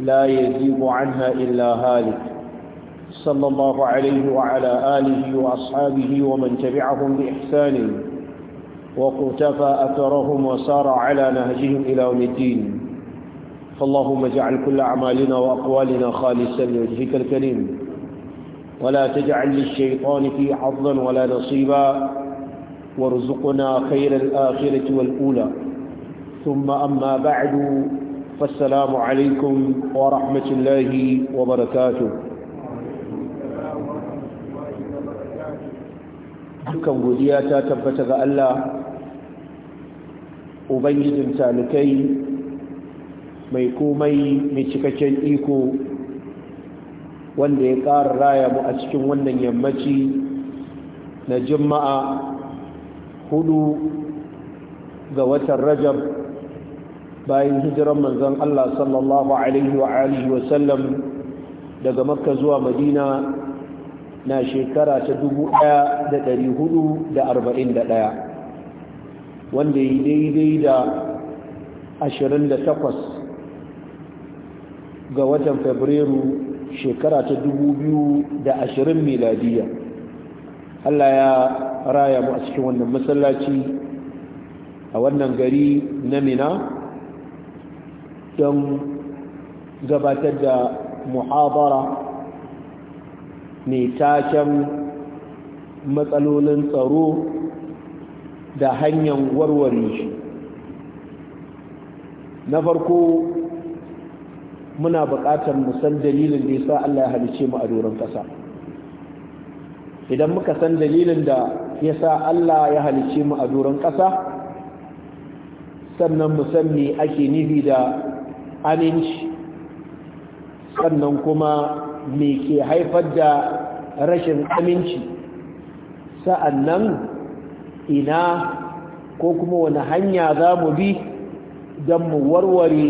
لا يزيغ عنها إلا هالك صلى الله عليه وعلى آله وأصحابه ومن تبعهم بإحسان وقتفى أثرهم وسار على نهجهم إلى يوم الدين فاللهم اجعل كل أعمالنا وأقوالنا خالصا لوجهك الكريم ولا تجعل للشيطان في حظا ولا نصيبا وارزقنا خير الآخرة والأولى ثم أما بعد فالسلام عليكم ورحمة الله وبركاته dukkan godiya ta tabbata ga Allah ubangijin talikai mai komai mai cikakken iko wanda ya ƙara raya mu a cikin wannan yammaci na juma'a hudu ga watan rajab bayan hijiran manzon Allah sallallahu alaihi wa alihi daga makka zuwa madina na shekara ta 1441 wanda yi daidai da 28 ga watan fabrairu shekara ta 2020 miladiya Allah ya raya mu a cikin wannan masallaci a wannan gari na mina don gabatar da muhabara mai taken matsalolin tsaro da hanyar warware shi na farko muna buƙatar mu dalilin da ya sa Allah ya halice mu a doron ƙasa idan muka san dalilin da ya sa Allah ya halice mu a doron ƙasa sannan musan san me ake nufi da aminci sannan kuma me ke haifar da rashin aminci sa'annan ina ko kuma wani hanya za mu bi don mu warware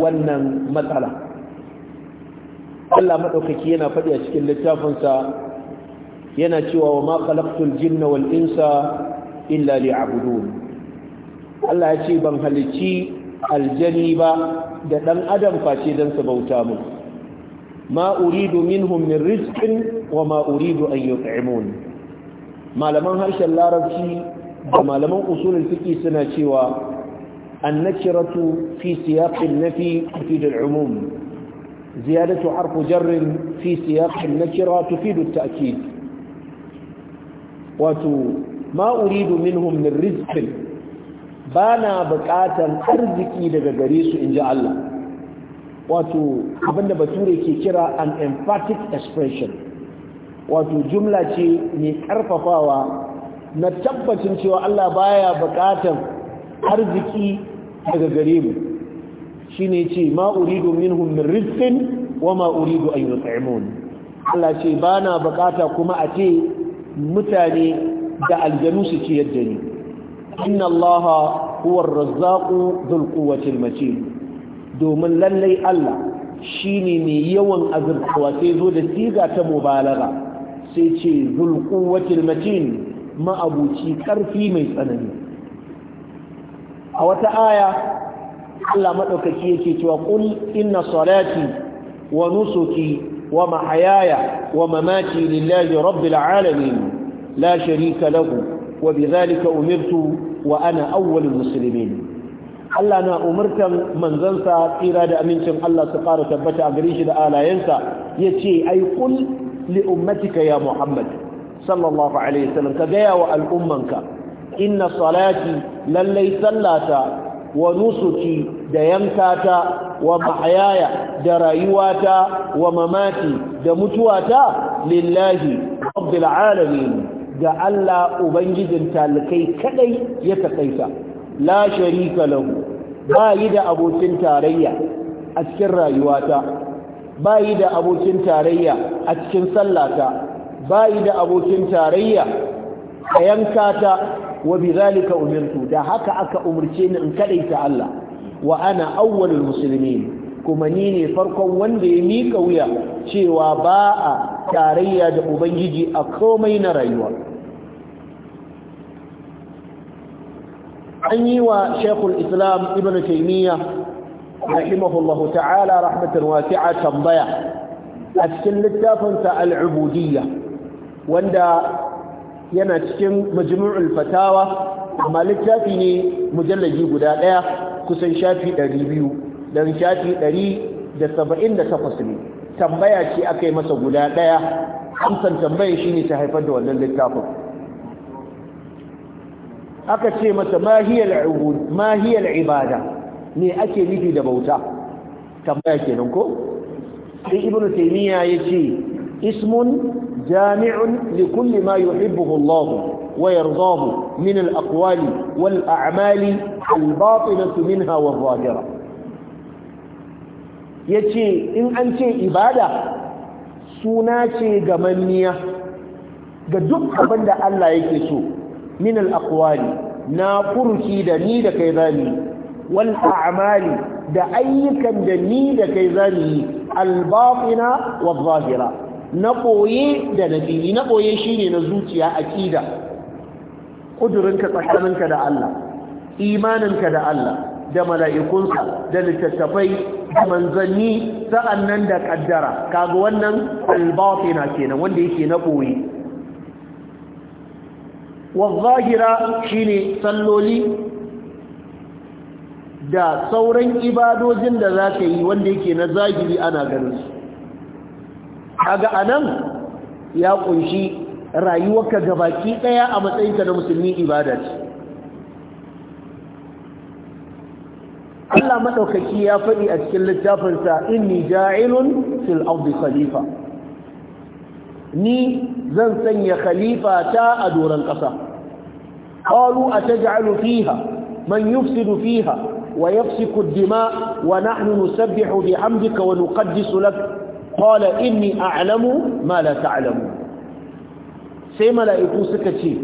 wannan matsala Allah maɗaukaki yana faɗi a cikin littafinsa yana cewa wa ma jinna wal insa illa liya'budun Allah ya ce ban halicci aljani ba da ɗan adam face don su bauta mu ma uridu minhum min rizqin wa ma uridu an yut'imun malaman harshen larabci da malaman usulul fiqh suna cewa annakiratu fi siyaqin nafi tufid al'umum ziyadatu harfu jarrin fi siyaqin nakira tufid at-ta'kid wato ma uridu minhum min rizqin ba na buƙatar arziki daga gare su in ji Allah wato abinda bature ke kira an emphatic expression wato jumla ce mai karfafawa na tabbacin cewa Allah baya buƙatar arziki daga gare mu shine ce ma uridu minhum min rizqin wa ma uridu an yut'imun Allah ce bana buƙata kuma a ce mutane da aljanu su ci yadda ni inna allaha huwa ar-razzaqu dhul quwwati domin lallai Allah shine mai yawan azurtawa sai zo da siga ta mubalaga sai ce dhul quwwati ne matin ma'abuci karfi mai tsanani a wata aya Allah madaukaki yake cewa qul inna salati wa nusuki wa mahayaya wa mamati lillahi rabbil alamin la sharika lahu wa bi zalika umirtu wa ana awwalul muslimin Allah na umurtan manzansa tsira da amincin Allah su ƙara tabbata a gare shi da alayensa yace ai kul li ummatika ya Muhammad sallallahu alaihi wasallam ka gaya wa al'ummanka inna salati lallai sallata wa nusuki da ta wa mahayaya da rayuwata wa mamati da mutuwata lillahi rabbil alamin ga Allah ubangijin talikai kadai ya takaita la sharika lahu ba yi da abokin tarayya a cikin rayuwata ba yi da abokin tarayya a cikin sallata ba yi da abokin tarayya a yankata wa bizalika umirtu da haka aka umurce ni in kadaita Allah wa ana awwalul muslimin kuma ni ne farkon wanda ya mika wuya cewa ba a tarayya da ubangiji a komai na rayuwa an yi wa shekul islam ibn taimiyya rahimahullahu ta'ala rahmatan wasi'a tambaya a cikin littafinsa al'ubudiyya wanda yana cikin majmu'ul fatawa amma littafi ne mujallaji guda ɗaya kusan shafi ɗari biyu da rishati 178 ne tambaya ce aka yi masa guda daya amsan tambaya shi ne ta haifar da wannan littafin aka ce masa mahiyar ibada ne ake nufi da bauta tambaya ke ko? sai ibn taimiyya ya ce ismun jami'un likulli ma yuhibbuhullahu wa yarzahu min al-aqwali wal a'mali al-batinatu minha wa zahira ya ce in an ce ibada suna ce ga manniya ga duk abin da Allah yake so min al na furuki da ni da kai zani wal a'mali da ayyukan da ni da kai zani al-batina wal zahira na koye da nabi na koye shine na zuciya aqida kudurinka tsakaninka da Allah imaninka da Allah da mala'ikunsa da littattafai da manzanni sa'annan da kaddara kaga wannan albatina kenan wanda yake na boye wazahira shine salloli da sauran ibadojin da za ka yi wanda yake na zahiri ana ganin su kaga anan ya kunshi rayuwarka gabaki ɗaya a matsayinka na musulmi ibada Allah madaukaki ya faɗi a cikin littafinsa inni ja'ilun fil ardi khalifa ni zan sanya khalifa ta a doran ƙasa qalu ataj'alu fiha man yufsidu fiha ويفسك الدماء ونحن نسبح بحمدك ونقدس لك قال إني أعلم ما لا تعلم سيما لا يكوسك شيء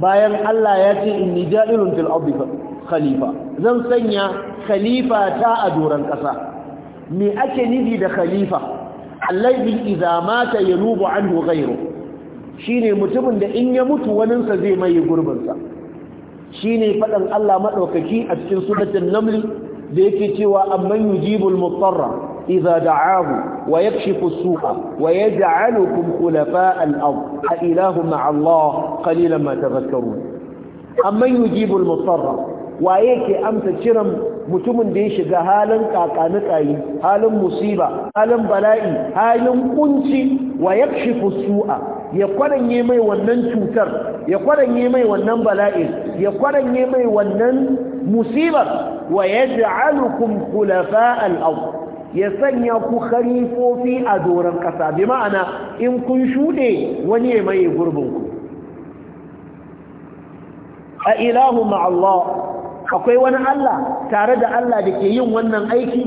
باين الله ياتي إني جائل في الأرض khalifa zan sanya khalifa ta a doron ƙasa me ake nufi da khalifa allazi idza mata yanubu anhu ghayru shine mutumin da in ya mutu waninsa zai mai gurbin sa shine fadan Allah madaukaki a cikin suratul naml da yake cewa amman yujibul mutarra إذا دعاه ويكشف السوء ويجعلكم خلفاء الأرض أإله مع الله قليلا ما تذكرون أمن يجيب المضطر waye ke amsa ciran mutumin da ya shiga halin kakanikayi halin musiba halin bala'i halin kunci wa yakshifu su'a ya kwaranye mai wannan cutar ya kwaranye mai wannan bala'i ya kwaranye mai wannan musibar wa yaj'alukum khulafa'al ardh ya sanya ku khalifofi a doron kasa bi ma'ana in kun shuɗe wani ya maye ku. a ilahu ma'allah akwai wani Allah tare da Allah da ke yin wannan aiki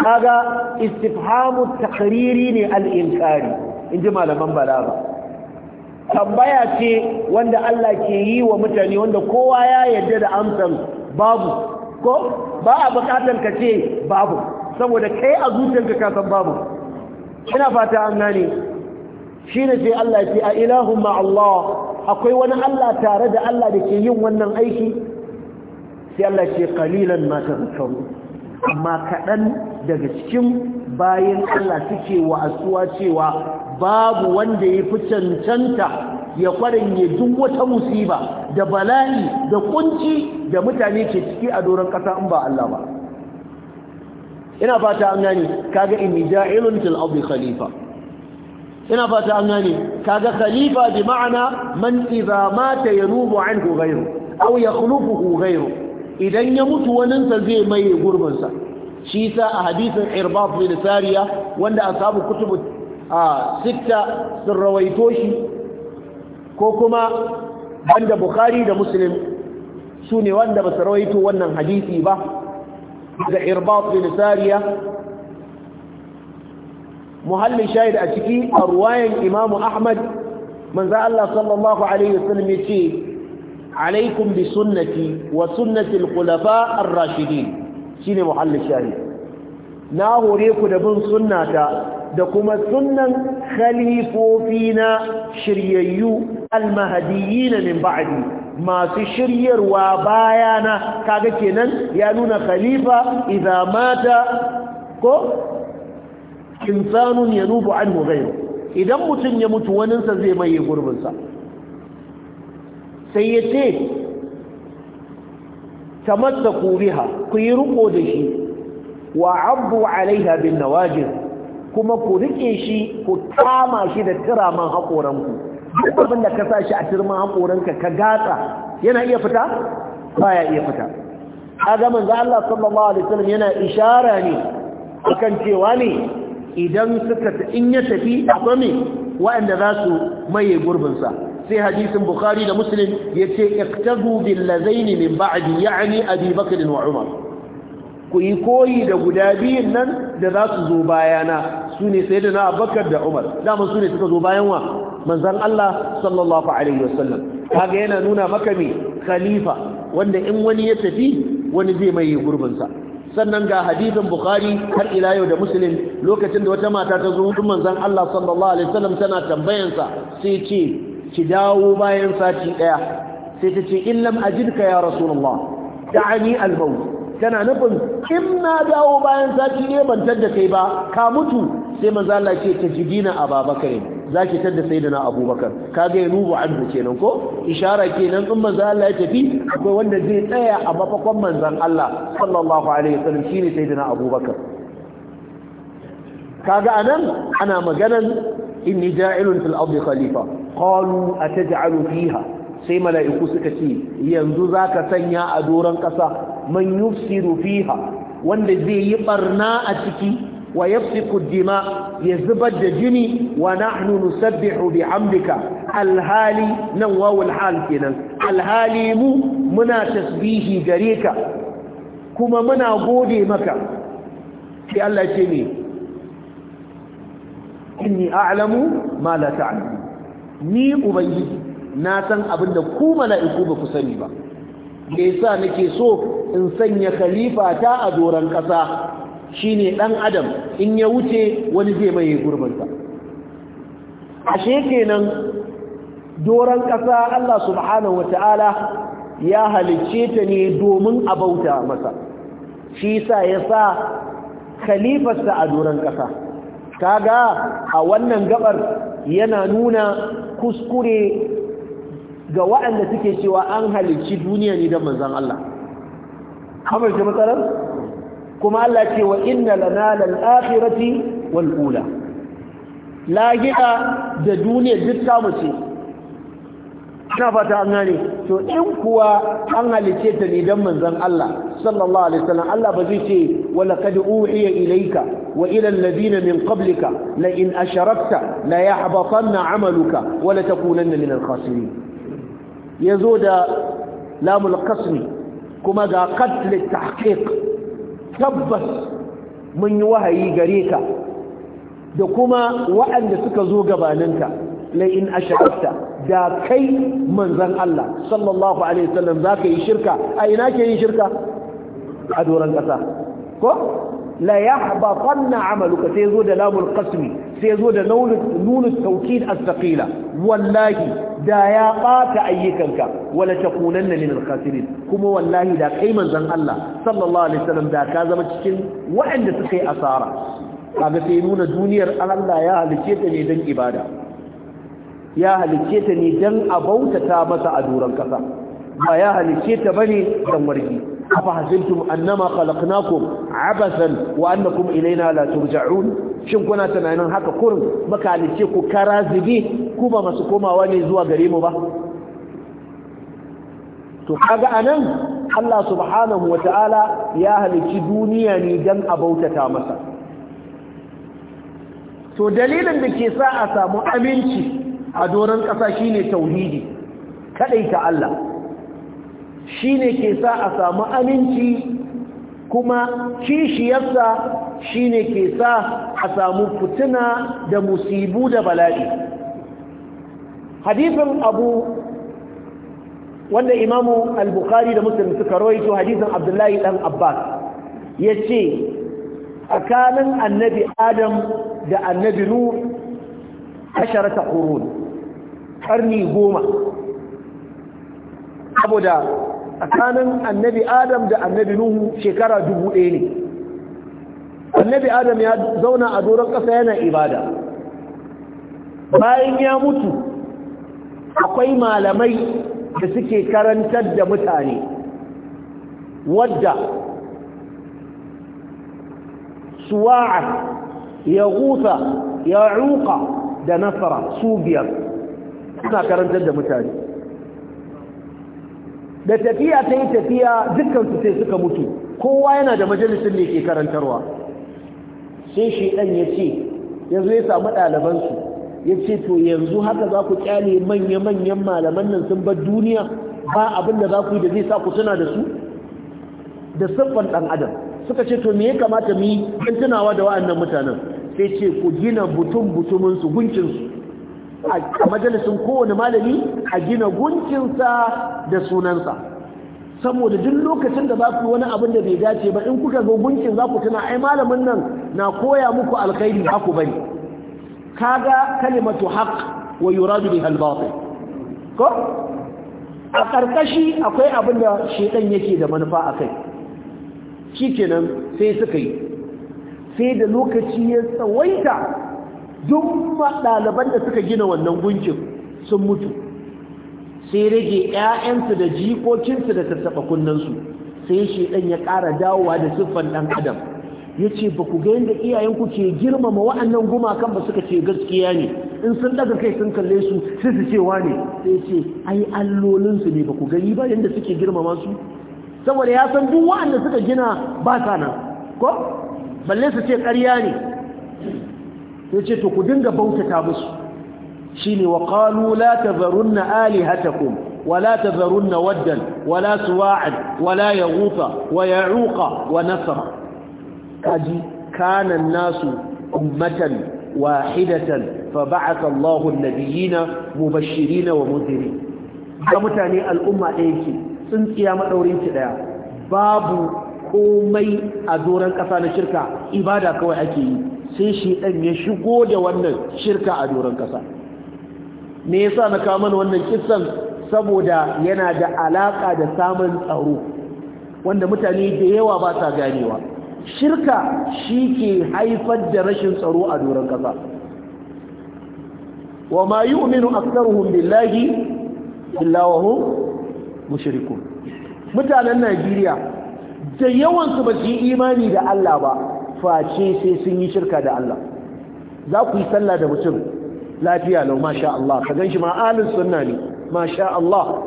kaga istifhamu takriri ne al'inkari. In ji malaman balaga tambaya ce wanda Allah ke yi wa mutane wanda kowa ya yarda da amsar babu ko ba a bukatar ka ce babu saboda kai a zuciyarka ka san babu ina fata an gane shine sai Allah ce a ilahumma Allah akwai wani Allah tare da Allah da ke yin wannan aiki sai Allah ce qalilan ma tadhakkaru amma kaɗan daga cikin bayan Allah suke asuwa cewa babu wanda ya fi cancanta ya kwarenye duk wata musiba da bala'i da kunci da mutane ke ciki a doron ƙasa in ba Allah ba ina fata an gane kaga inni ja'ilun fil ardi khalifa ina fata an gane kaga khalifa bi ma'ana man idza mata yanubu anhu ghayru aw yakhlufuhu ghayru idan ya mutu waninsa zai maye gurbinsa shi sa a hadisin irbab bin sariya wanda ashabu kutubu a sitta sun rawaito shi ko kuma banda bukhari da musulun, su ne wanda ba su rawaito wannan hadisi ba da irbab bin sariya muhallin shahid a ciki a ruwayen imamu ahmad manzo Allah sallallahu alaihi wasallam ce. alaikum bi sunnati wa sunnati al-khulafa ar-rashidin shine muhallin shahid na hore ku da bin sunnata da kuma sunnan khalifofina shiryayyu al-mahdiyina min ba'di masu shiryarwa bayana kaga kenan ya nuna khalifa idza mata ko insanun yanubu anhu ghayru idan mutum ya mutu waninsa zai maye gurbinsa sai ya ce tamassaku kuriha ku yi riko da shi wa abu alaiha bin nawajir kuma ku rike shi ku kama shi da tiraman haƙoranku duk abin da ka sa shi a turman haƙoranka ka gatsa yana iya fita ya iya fita kaga manzo Allah sallallahu alaihi wasallam yana ishara ne akan cewa ne idan suka in ya tafi akwai me waɗanda za su maye gurbinsa sai hadisin bukhari da muslim yace iqtabu bil ladaini min ba'di ya'ni abi bakr wa umar ku yi koyi da guda biyun nan da za su zo bayana su ne sai da na abakar da umar dama su ne suka zo bayan wa manzan Allah sallallahu alaihi wasallam kaga yana nuna maka me khalifa wanda in wani ya tafi wani zai mai sa sannan ga hadisin bukhari har ila yau da muslim lokacin da wata mata ta zo wurin manzon Allah sallallahu alaihi wasallam tana tambayansa sai ce ki dawo bayan sati daya sai ta ce illam ajidka ya rasulullah da'ani al-maut tana nufin in na dawo bayan sati ne ban tadda kai ba ka mutu sai manzo Allah ce ta jigina ababakar zaki tadda sayyidina abubakar kaga ya nubu anhu kenan ko ishara kenan in manzo Allah ya tafi akwai wanda zai tsaya a mafakon manzon Allah sallallahu alaihi wasallam shine sayyidina abubakar kaga anan ana maganan inni ja'ilun fil ardi khalifa qalu ataj'alu fiha sai mala'iku suka ce yanzu zaka sanya a doran kasa man yufsiru fiha wanda zai yi barna a ciki wa yafsiku dima ya zubar da jini wa nahnu nusabbihu bihamdika alhali nan wawul hal kenan alhali mu muna tasbihi gare ka kuma muna gode maka sai Allah ce ne inni a'lamu ma la ta'lamu ni ubangiji na san abin da ku mala'iku ba ku sani ba me yasa nake so in sanya khalifa ta a doran kasa shine dan adam in ya wuce wani zai mai gurbinsa ashe kenan doran kasa Allah subhanahu wataala ya halicce ta ne domin a bauta masa shi yasa ya sa khalifarsa a doran kasa kaga a wannan gabar yana nuna kuskure ga waɗanda suke cewa an halicci duniya ne da manzon Allah kamar shi matsalar kuma Allah ce wa inna lana lal akhirati wal ula da duniya duk ta mace ina fata an gane to in kuwa an halice ta ne dan manzon Allah sallallahu alaihi wasallam Allah ba zai ce wala kad uhiya ilayka wa ila alladhina min qablika la in asharakta la yahbatanna amaluka wa la takunanna min al-khasirin yazo da lamul qasmi kuma ga qatl at-tahqiq tabbas mun yi wahayi gare ka da kuma waɗanda suka zo gabaninka la in asharakta da kai manzan Allah sallallahu alaihi wasallam zaka yi shirka a ina ke yin shirka a doron ƙasa ko la yahbatanna amaluka sai zo da lamul qasmi sai zo da nunut tawkid as-thaqila wallahi da ya bata ayyukanka wala takunanna min al-khasirin kuma wallahi da kai manzon Allah sallallahu alaihi wasallam da ka zama cikin waɗanda suka yi asara kaga sai nuna duniyar Allah ya halice ta ne don ibada ya halicce ta ne dan a bautata masa a duran kasa ba ya halicce ta bane don wargi afa hasiltum annama khalaqnakum abathan wa annakum ilayna la turja'un shin kuna tunanin haka kurin maka halicce ku karazibi ku ba masu komawa ne zuwa gare mu ba to kaga anan Allah subhanahu wata'ala ya halicci duniya ne dan a bautata masa to dalilin da ke sa a samu aminci a doron ƙasa shine tauhidi ta Allah ne ke sa a samu aminci kuma kishiyarsa ne ke sa a samu fituna da musibu da bala'i hadisin abu wanda imamu al-bukhari da muslim suka rawaito hadisin abdullahi dan abbas ce tsakanin annabi adam da annabi Nu asharata qurun karni goma saboda tsakanin annabi adam da annabi nuhu shekara dubu ɗaya ne annabi adam ya zauna a doron ƙasa yana ibada bayan ya mutu akwai malamai da suke karantar da mutane wadda suwa'a ya gusa ya ruka da nasara su biyar suna karantar da mutane da tafiya ta yi tafiya dukkansu sai suka mutu kowa yana da majalisun da ke karantarwa sai shi ɗan ya ce yanzu ya samu ɗalibansu ya ce to yanzu haka za ku kyale manya-manyan malaman nan sun bar duniya ba abin da za ku yi da zai sa ku suna da su da siffan ɗan adam suka ce to me ya kamata mu yi tunawa da wa'annan mutanen sai ce ku gina butun-butuminsu gunkinsu a majalisin kowane malami a gina gunkinsa da sunansa saboda duk lokacin da za ku wani abin da bai dace ba in kuka zo gunkin za ku tuna ai malamin nan na koya muku alkhairi ba ku bari kaga kalimatu haqq wa yuradu biha al-batil ko a karkashi akwai abin da shedan yake da manufa a kai. shikenan sai suka yi sai da lokaci ya tsawaita duk ɗaliban da suka gina wannan gunkin sun mutu sai rage 'ya'yansu da jikokinsu da tattaɓa kunnansu sai shi ɗan ya ƙara dawowa da siffan ɗan adam ya ce ba ku ga yadda iyayenku ke girmama wa'annan gumakan ba suka ce gaskiya ne in sun ɗaga kai sun kalle su sai su ce wa ne sai ce ai allolinsu ne ba ku gani ba yadda suke girmama su saboda ya san duk wa'anda suka gina ba sa nan ko balle su ce ƙarya ne ya ce to ku dinga bautata musu shine ne wa la ta alihatakum wa la ta waddan wa la suwa'ad wa la ya rufa wa ya wa nasara kaji kanan nasu ummatan wahidatan fa ba'atha Allahu an-nabiyina mubashirin wa mudhirin ga mutane al'umma ɗaya ke tsintsiya madaurin ki daya babu komai a doran ƙasa na shirka ibada kawai ake yi sai shi ɗan ya shigo da wannan shirka a doron ƙasa me yasa na kawo mana wannan kissan saboda yana da alaƙa da samun tsaro wanda mutane da yawa ba sa ganewa shirka shi ke haifar da rashin tsaro a doron ƙasa wa ma yu'minu aktsaruhum billahi illa billahi hum mushrikun mutanen Najeriya da yawansu ba su yi imani da Allah ba face sai sun yi shirka da Allah za ku yi sallah da mutum lafiya lau masha Allah ka gan shi ma alin sunna ne masha Allah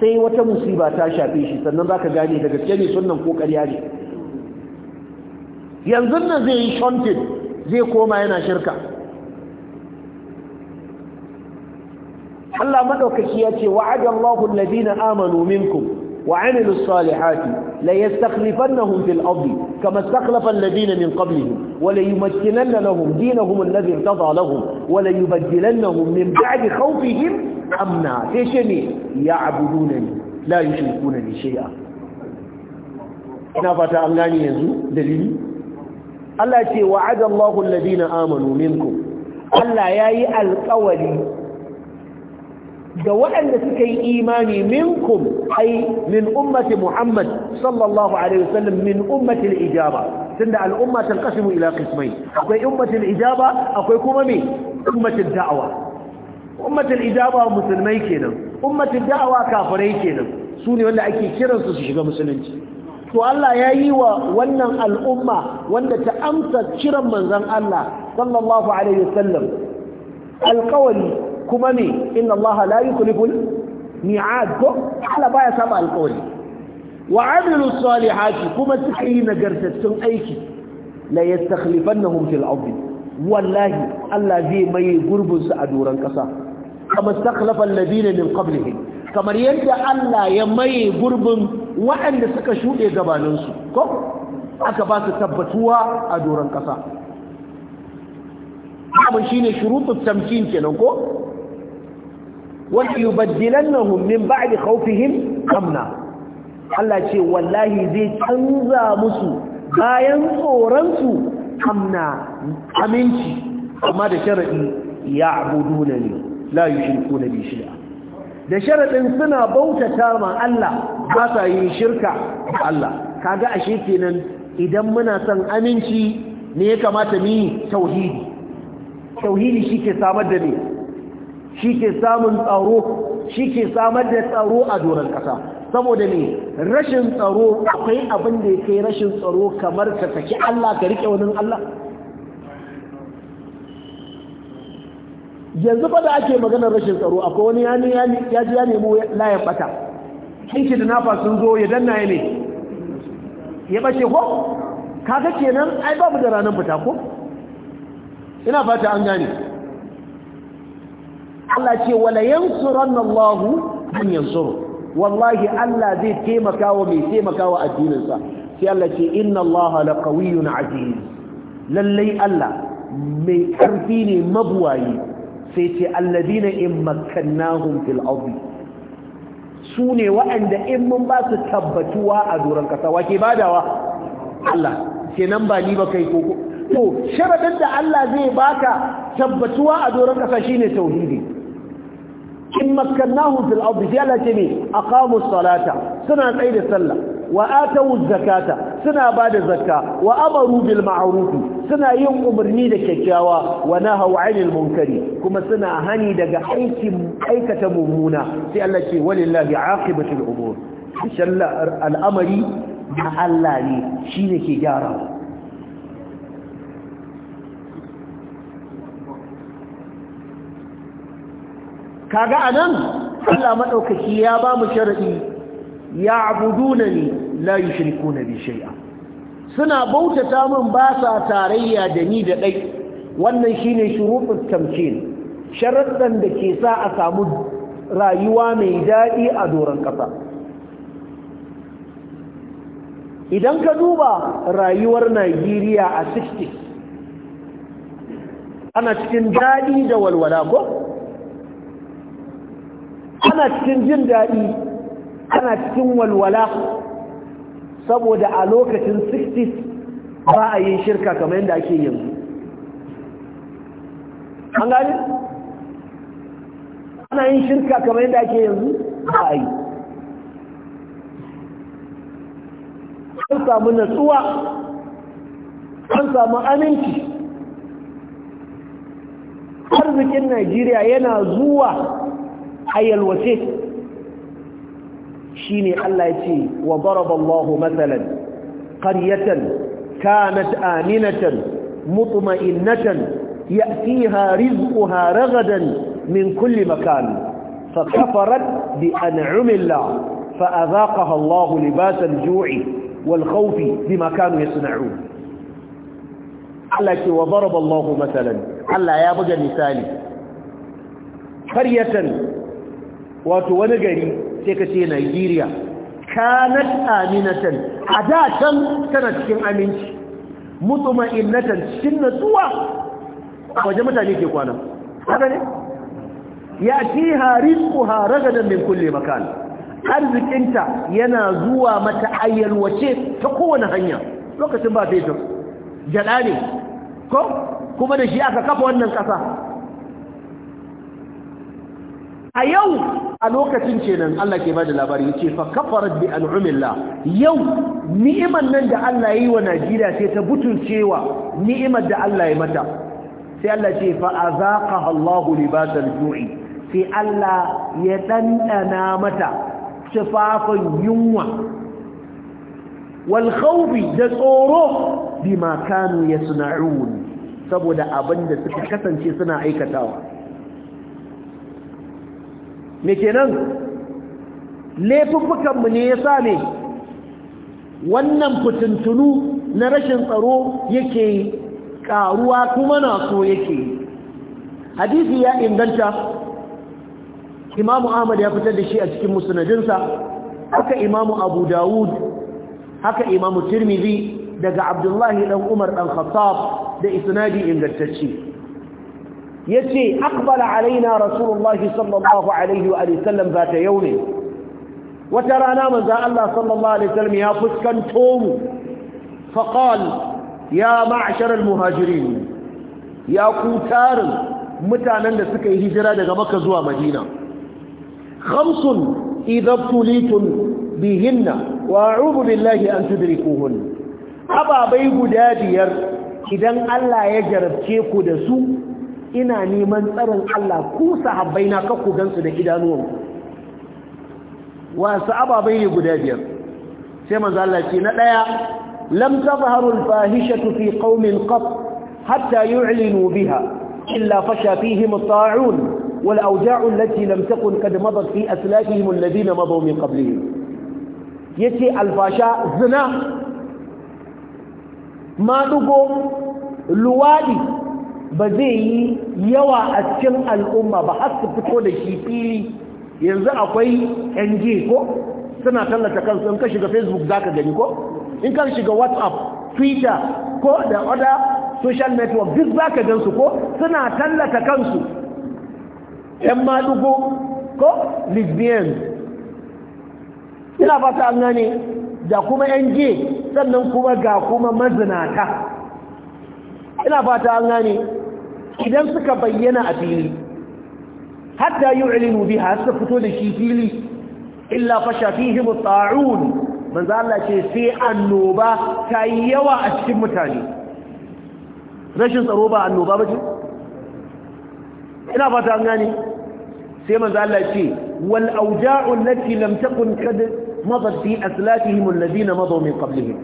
sai wata musiba ta shafe shi sannan za ka gane da gaske ne sunnan ko ƙarya ne yanzu nan zai yi shontin zai koma yana shirka Allah maɗaukaci ya ce wa'adallahu alladhina amanu minkum وعملوا الصالحات ليستخلفنهم في الأرض كما استخلف الذين من قبلهم وليمكنن لهم دينهم الذي ارتضى لهم وليبدلنهم من بعد خوفهم أمنا تشني يعبدونني لا يشركونني شيئا ina fata يزو دليل التي وعد الله الذين آمنوا منكم الله يأي القولي Da waɗanda suka yi imani minkum ai min ummati muhammad sallallahu alaihi wasallam min ummati al-ijaba tunda al-umma tanqasimu ila qismayn akwai ummati al-ijaba akwai kuma me ummati da'wa ummati al-ijaba musulmai kenan ummati da'wa kafirai kenan su ne wanda ake kiransu su shiga musulunci to Allah ya yi wa wannan al'umma wanda ta amsa kiran manzon Allah sallallahu alaihi wasallam alƙawari kuma ne inna Allah la yukhliful mi'ad ko Allah baya saba alƙawari wa amilu salihati kuma suka yi nagartattun aiki la yastakhlifannahum fil ardi wallahi Allah zai mai gurbin su a doran kasa kama stakhlafa alladina min qablihim kamar yadda Allah ya mai gurbin waɗanda suka shuɗe gabaninsu ko aka ba su tabbatuwa a duran ƙasa abin shine ne tamkin kenan ko wanda yubaddilannahum min ba'di khawfihim amna Allah ce wallahi zai canza musu bayan tsoron su amna aminci amma da sharadi ya'buduna ni la yushrikuna bi shay'a da sharadin suna bautata ma Allah ba sa yin shirka Allah kaga ashe kenan idan muna son aminci ne ya kamata mu tauhidi tauhidi ke samar da ne shi ke samun tsaro shi samar da tsaro a doron kasa saboda ne rashin tsaro akwai abin da ya kai rashin tsaro kamar ka saki Allah ka rike wani Allah yanzu fa da ake maganar rashin tsaro akwai wani ya ji ya nemo layin bata kinki da nafa sun zo ya danna ya ne ya bace ko kaga kenan ai babu da ranar fita ko ina fata an gane Allah ce wala yansurannallahu man yansuru wallahi Allah zai taimaka wa mai taimaka wa addininsa sai Allah ce inna Allah laqawiyyun aziz lallai Allah mai karfi ne mabuwayi sai ce alladina in makkannahum fil ardi Sune waɗanda in mun ba su tabbatuwa a doron kasa wake badawa Allah kenan ba ni ba kai ko? to sharadin da Allah zai baka tabbatuwa a doron kasa shine tauhidi in makkannahum fil ardi sai Allah ce me salata suna tsaye da sallah wa atu zakata suna ba da zakka wa amaru bil ma'ruf suna yin umarni da kyakkyawa wa nahaw 'anil munkari kuma suna hani daga aikin aikata mummuna sai Allah ce walillahi 'aqibatul umur inshallah al'amari na Allah ne shi ne ke gyarawa kaga anan Allah madaukaki ya ba mu sharadi ni la yushrikuna bi shay'a suna bautata min ba sa tarayya da ni da dai wannan shine shurutut tamkin sharadan da ke sa a samu rayuwa mai dadi a doron ƙasa. idan ka duba rayuwar Najeriya a 60 ana cikin dadi da walwala ko ana cikin jin daɗi ana cikin walwala saboda a lokacin 60s ba a yin shirka kamar yadda ake yanzu an gani? ana yin shirka kamar yadda ake yanzu ba a yi an samu natsuwa an samu aminci arzikin najeriya yana zuwa a yalwace shi ne Allah ya ce wa baraballahu matsalan ƙaryatan kanat aminatan mutuma'innatan ya fi rizquha ragadan min kulli makan فكفرت بأنعم الله فأذاقها الله لباس الجوع والخوف بما كانوا يصنعون Allah ce wa daraba Allah masalan Allah ya buga misali qaryatan wato wani gari sai ka ce Nigeria kanat aminatan a da can tana cikin aminci mutuma'innatan cikin natsuwa waje mutane ke kwana haka ne ya ci hariskuha ragadan min kulle makan arzikinta yana zuwa mata ayyalwace ta kowane hanya lokacin ba fetur Jala ne ko kuma da shi aka kafa wannan kasa a yau a lokacin kenan Allah ke bada labari yace fa kafarat bi an'amillah yau ni'imar nan da Allah yi wa Najeriya sai ta butulcewa ni'imar da Allah ya mata sai Allah ce fa azaqaha Allah libasal ju'i sai Allah ya dandana mata tufafin yunwa wal khawfi da tsoro bima kanu yasna'un saboda abinda suka kasance suna aikatawa me kenan laifuffukanmu ne ya same wannan fitintunu na rashin tsaro yake karuwa kuma na so yake hadisi ya inganta imamu ahmad ya fitar da shi a cikin musnadinsa haka imamu abu dawud haka imamu tirmidhi daga abdullahi dan umar dan khattab da isnadi ingantacce yace aqbala alaina rasulullahi sallallahu alaihi wa sallam zata yawmi wata rana manzo Allah sallallahu alaihi wasallam ya fuskanto mu faqal ya ma'shar al ya kutarin mutanen da suka yi hijira daga Makka zuwa Madina khamsun idha tulitun bihinna wa a'udhu billahi an tudrikuhun ababai guda biyar idan Allah ya jarabce ku da su ina neman tsaron Allah ku sahabbai na kakku gansu da idanuwan wasu ababai ne guda biyar sai manzo Allah ce na daya lam tazharu al-fahishatu fi qaumin qat hatta yu'linu biha illa fasha fihim at-ta'un wal awja'u allati lam takun kad madat fi aslafihim alladhina madu min qablihim yace al-fasha zina ma dugo luwadi ba zai yi yawa a cikin al'umma ba har su fito da shi fili yanzu akwai NG ko suna tallata kansu in ka shiga Facebook za ka gani ko in ka shiga WhatsApp Twitter ko da other social network duk za ka gansu ko suna tallata kansu yan madugo ko lesbian ina fata an gane da kuma NG sannan kuma ga kuma mazinata ina fata an gane idan suka bayyana a fili hatta yu'linu biha suka fito da shi fili illa fasha fihim at-ta'un manzo Allah ce sai annoba ta yi yawa a cikin mutane rashin tsaro ba annoba ba ce ina fata an gane sai manzo Allah ce wal awja'u allati lam takun kad madat fi aslatihim alladhina madu min qablihim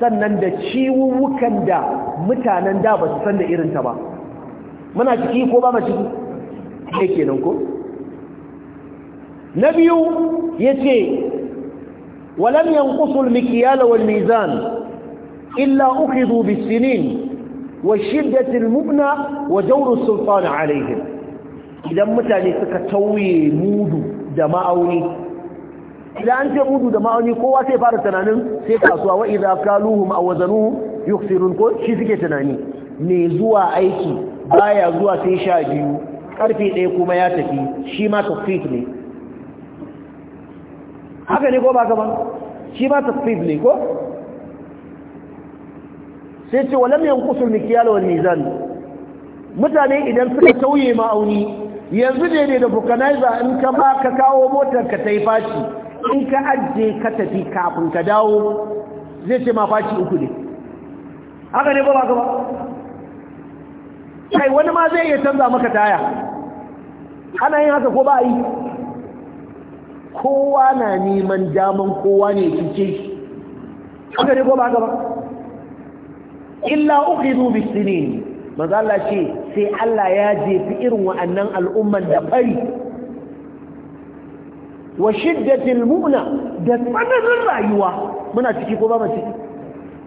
sannan da ciwuwukan da mutanen da ba su san da irin ta ba muna ciki ko ba mu ciki sai kenan ko na biyu yace walam yanqusu al-mikyal mizan illa ukhidhu bis-sinin والشدة المبنى وجور السلطان عليهم idan mutane suka tauye mudu da ma'auni idan ce mudu da ma'auni kowa sai fara tunanin sai kasuwa wa idza kaluhum aw wazanuhum yuksirun ko shi suke tunani me zuwa aiki baya zuwa sai sha biyu karfe ɗaya kuma ya tafi shi ma tasfif ne haka ne ko ba gaba shi ma tasfif ne ko sai ce walam yankusul mikyal wani zan mutane idan suka tauye ma'auni yanzu ne ne da vulcanizer in ka ba ka kawo motar ka yi fashi in ka ajiye ka tafi kafin ka dawo zai ce ma fashi uku ne haka ne ba ba gaba kai wani ma zai iya canza maka taya ana yin haka ko ba yi kowa na neman daman kowa ne cike shi haka ne ko ba haka ba illa ukhidhu bisinin manzo Allah ce sai Allah ya jefi irin wa'annan al'umman da fari wa shiddatil mu'na da tsananin rayuwa muna ciki ko ba mu ciki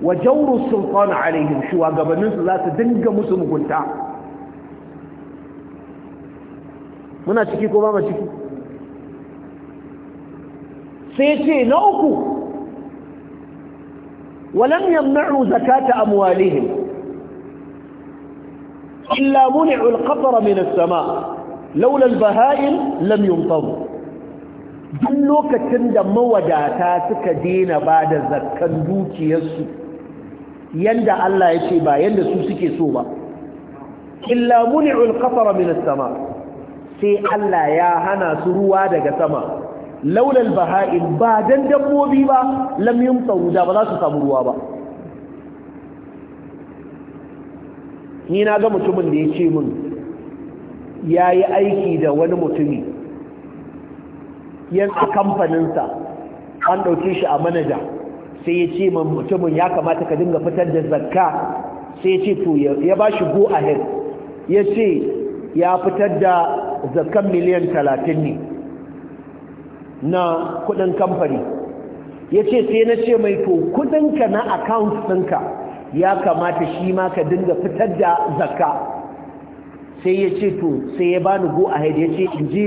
wa jawru sultan alaihim shuwa gabanin su za su dinga musu mugunta muna ciki ko ba ma ciki sai ce na uku ولم يمنعوا زكاة أموالهم إلا منعوا القطر من السماء لولا البهائم لم يمطروا duk lokacin da mawadata suka dena ba da zakkan dukiyarsu yanda Allah ya ce ba yanda su suke so ba illa muni'ul qatara min as-sama sai Allah ya hana su ruwa daga sama laulal baha'in ba dan dabbobi ba lam yumtaru da ba za su samu ruwa ba ni na ga mutumin da ya ce min ya yi aiki da wani mutumi yan kamfaninsa an ɗauke shi a manaja sai ya ce min mutumin ya kamata ka dinga fitar da zakka sai ya ce to ya ba shi go ahead ya ce ya fitar da zakan miliyan talatin ne na kudin kamfani ya ce sai na ce mai to kudinka na akawunt ɗinka ya kamata shi ma ka dinga fitar da zakka sai ya ce to sai ya bani go ahead ya ce in je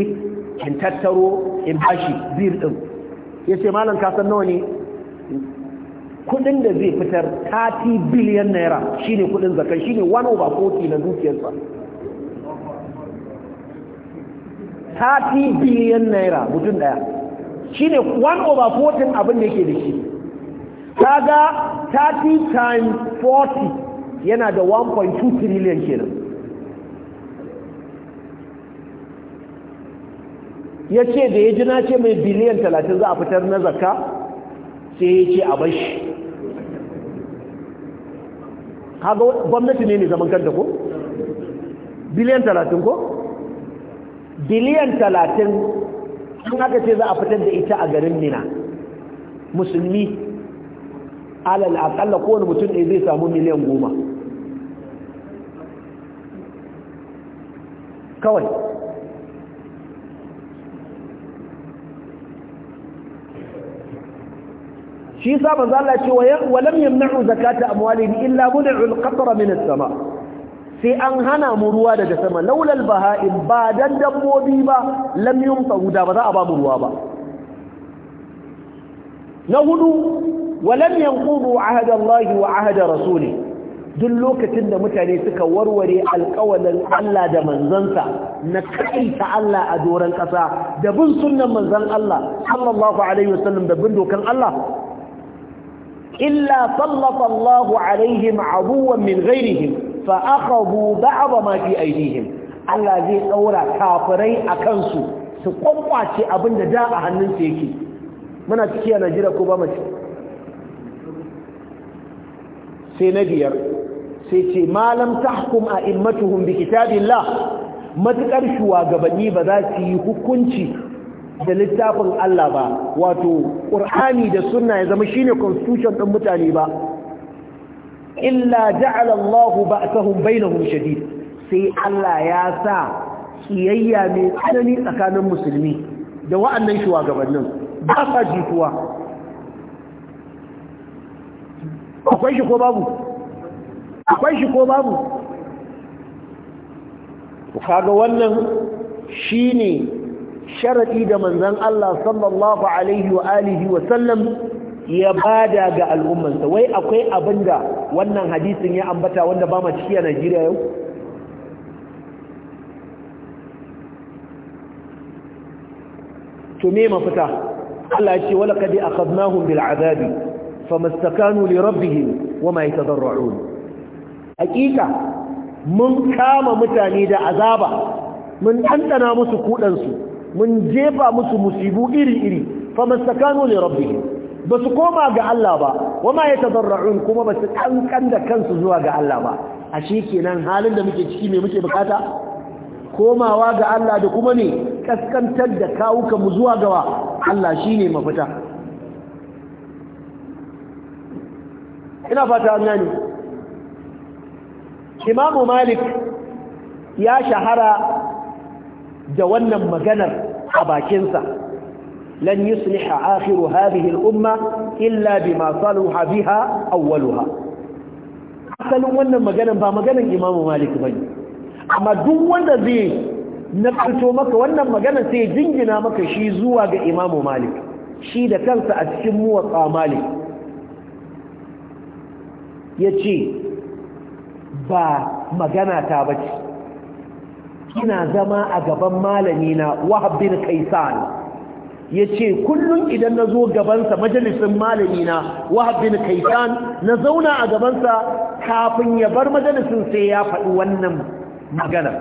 in tattaro in bashi bir ɗin ya ce malam kasan nawa ne kudin da zai fitar 30 biliyan naira shine kudin zakka shine 1 over 40 na dukiyarsa 30 biliyan naira mutum daya shi ne 1 over 14 abin da yake da shi kaga 30 times 40 yana da 1.2 trillion kenan ya ce da ya ji na ce mai biliyan 30 za a fitar na zaka sai ya ce a bashi kaga gwamnati ne ne zaman da ko biliyan 30 ko biliyan talatin sun aka ce za a fitar da ita a garin mina musulmi alal akalla kowane mutum ne zai samu miliyan goma kawai shi sa manzo cewa walam yamna'u zakata amwalihi illa mun'u al-qatra min as-sama' sai an hana mu ruwa daga sama laulal baha'in ba dan dabbobi ba lam yumtaru da ba za a ba mu ruwa ba na hudu walam yanqudu ahada Allah wa rasuli duk lokacin da mutane suka warware alƙawalin Allah da manzansa na kaita Allah a doran ƙasa da bin sunnan manzan Allah sallallahu alaihi wasallam da bin dokan Allah illa sallata alaihim aduwan min ghairihim fa akhadhu ba'd ma fi aydihim Allah zai daura kafirai akan su su kwankwace abin da da a hannun su yake muna ciki a Najira ko ba mace sai na biyar sai ce malam tahkum a immatuhum bi kitabillah matukar shugabanni ba za su yi hukunci da littafin Allah ba wato qur'ani da sunna ya zama shine constitution din mutane ba illa ja'ala Allahu ba'sahum bainahum shadid sai Allah ya sa kiyayya mai tsanani tsakanin musulmi da wa'annan shugabannin ba sa jituwa akwai shi ko babu akwai shi ko babu kaga wannan shine sharadi da manzon Allah sallallahu alaihi wa alihi wa sallam ya bada ga al'ummansa wai akwai abinda wannan hadisin ya ambata wanda ba ma ciki a Najeriya yau Tume mafita Allah ce wala kad akhadnahum bil azabi famastakanu li rabbihim wama yatadarrun hakika mun kama mutane da azaba mun ɗanɗana musu kuɗansu, mun jefa musu musibu iri iri famastakanu li rabbihim ba su koma ga Allah ba wama ya tazarra'un kuma ba su kankan da kansu zuwa ga Allah ba a shi nan halin da muke ciki mai muke bukata komawa ga Allah da kuma ne kaskantar da kawuka mu zuwa gawa Allah shi ne mafita ina fata an gani Imam Malik ya shahara da wannan maganar a bakinsa لن يصلح آخر هذه الأمة إلا بما صلح بها أولها asalin wannan maganan ba maganan imamu malik bane amma duk wanda zai nakalto maka wannan maganar sai jingina maka shi zuwa ga imamu malik shi da kansa a cikin muwatsa malik ce ba magana ta bace ina zama a gaban malami na wahab bin kaisan ya ce kullum idan na zo gabansa majalisin malami na wahab bin na zauna a gabansa kafin ya bar majalisin sai ya faɗi wannan magana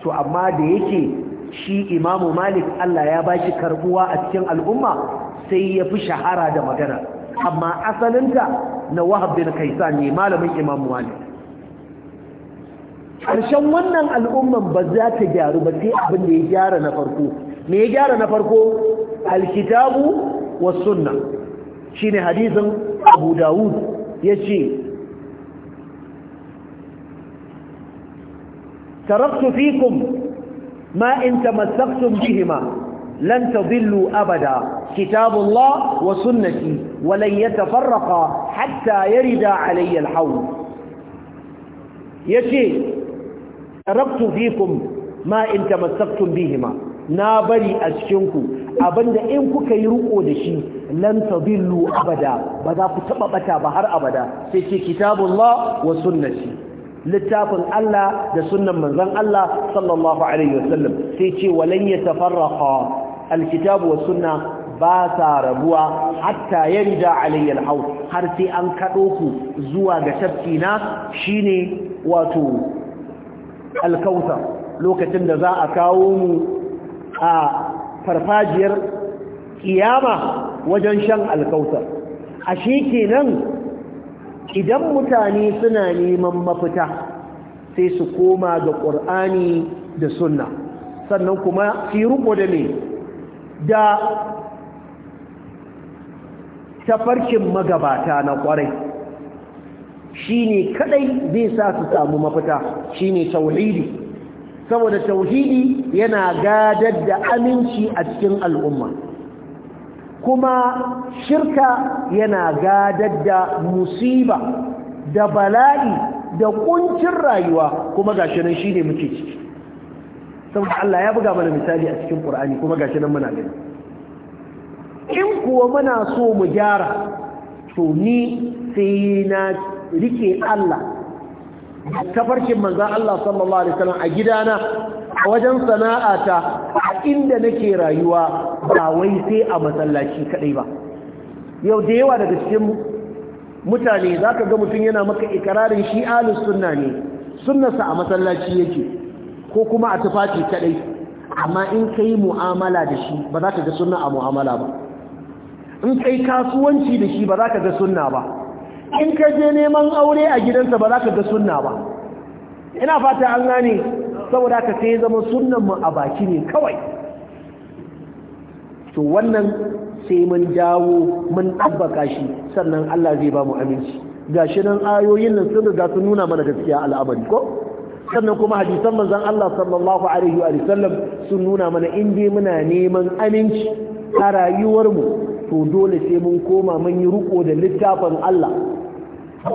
to amma da yake shi imamu malik Allah ya bashi karbuwa a cikin al'umma sai ya fi shahara da magana amma asalinta na wahab bin ne malamin imamu malik wannan al'umman ba za ta gyaru ba sai abin da ya gyara na farko me ya gyara na farko alkitabu was sunna shine hadisin Abu Dawud yace taraktu fikum ma in tamassaktum bihima lan tadillu abada kitabullah wa sunnati wa lan yatafarraqa hatta yarida alayya alhawl yace taraktu fikum ma in tamassaktum bihima na bari a cikinku abinda in kuka yi riko da shi lan tadillu abada ba za ku taba bata ba har abada sai ce kitabullah wa sunnati littafin Allah da sunnan manzon Allah sallallahu alaihi wasallam sai ce walan yatafarraqa alkitabu was sunna ba sa rabuwa hatta yarda alayya alhaus har sai an kado ku zuwa ga tafki na shine wato alkautar lokacin da za a kawo mu a farfajiyar kiyama wajen shan alkautar ashe kenan idan mutane suna neman mafita sai su koma ga ƙur'ani da sunna sannan kuma su da ne da tafarkin magabata na ƙwarai shi ne kaɗai zai sa su samu mafita shi ne tauhidi saboda tauhidi yana gadar da aminci a cikin al'umma kuma shirka yana gadar da musiba da bala'i da kuncin rayuwa kuma gashi nan shine muke ciki saboda Allah ya buga mana misali a cikin Qur'ani kuma gashi nan muna gani in kuwa muna so mu gyara to ni sai na rike Allah tafarkin manzan Allah sallallahu Alaihi wasallam a gidana a wajen sana'ata a inda nake rayuwa ba wai sai a masallaci kadai ba yau da yawa daga cikin mutane za ka ga mutum yana maka ikirarin shi alus sunna ne sunnarsa a masallaci yake ko kuma a tufafi kadai amma in ka yi mu'amala da shi ba za ka ga sunna a mu'amala ba in ka kasuwanci da shi ba za ka ga sunna ba in ka je neman aure a gidansa ba za ka ga sunna ba ina fata an gane saboda ka sai zama sunnan mu a baki ne kawai to wannan sai mun jawo mun tabbaka shi sannan Allah zai ba mu aminci gashi nan ayoyin nan sun riga sun nuna mana gaskiya al'amari ko sannan kuma hadisan manzon Allah sallallahu alaihi wa sallam sun nuna mana in dai muna neman aminci a rayuwarmu to dole sai mun koma mun yi riko da littafin Allah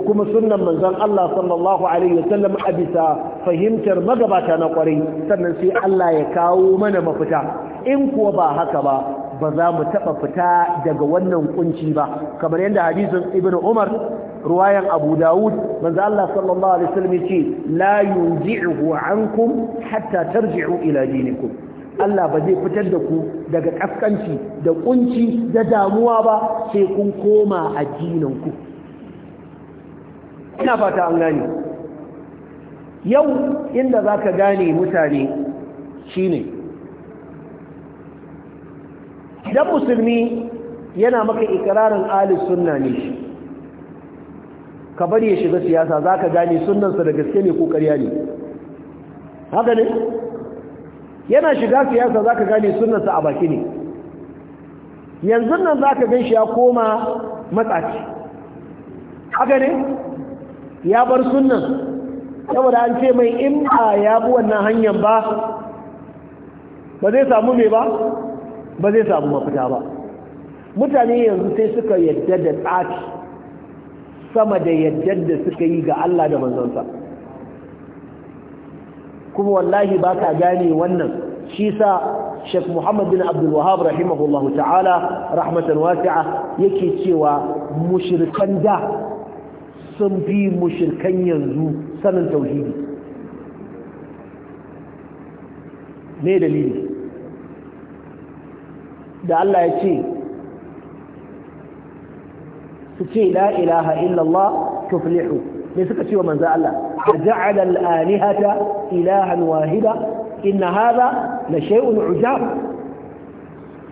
kuma sunnan manzon Allah sallallahu alaihi wasallam a bisa fahimtar magabata na kwarai sannan sai Allah ya kawo mana mafita in kuwa ba haka ba ba za mu taɓa fita daga wannan kunci ba kamar yadda hadisin ibnu umar ruwayan abu dawud Allah sallallahu alaihi wasallam yace la yunzi'uhu ankum hatta tarji'u ila dinikum Allah ba zai fitar da ku daga kaskanci da kunci da damuwa ba sai kun koma addinin ku ina fata an gani, yau inda zaka gane mutane shine idan musulmi yana maka ikirarin ahli sunna ne shi ka bari ya shiga siyasa zaka gane sunnansa da gaske ne ko ƙarya ne haka ne yana shiga siyasa za ka gane sunansa a baki ne yanzu nan za ka gan shi ya koma matsaci haka ne ya bar sunan saboda an ce mai in ba ya bi wannan hanyar ba ba zai samu mai ba ba zai samu mafita ba mutane yanzu sai suka yadda da tsaki sama da yadda da suka yi ga Allah da manzansa. kuma wallahi ba ka gane wannan shi sa Sheikh Muhammad bin Abdul Wahhab rahimahullahu ta'ala rahmatan wasi'a yake cewa mushrikan da sun fi mushrikan yanzu sanin tauhidi ne dalili da Allah ya ce su ce la ilaha illallah tuflihu me suka ce wa manzo Allah ja'ala al-alihata ilahan wahida inna hadha la shay'un ujab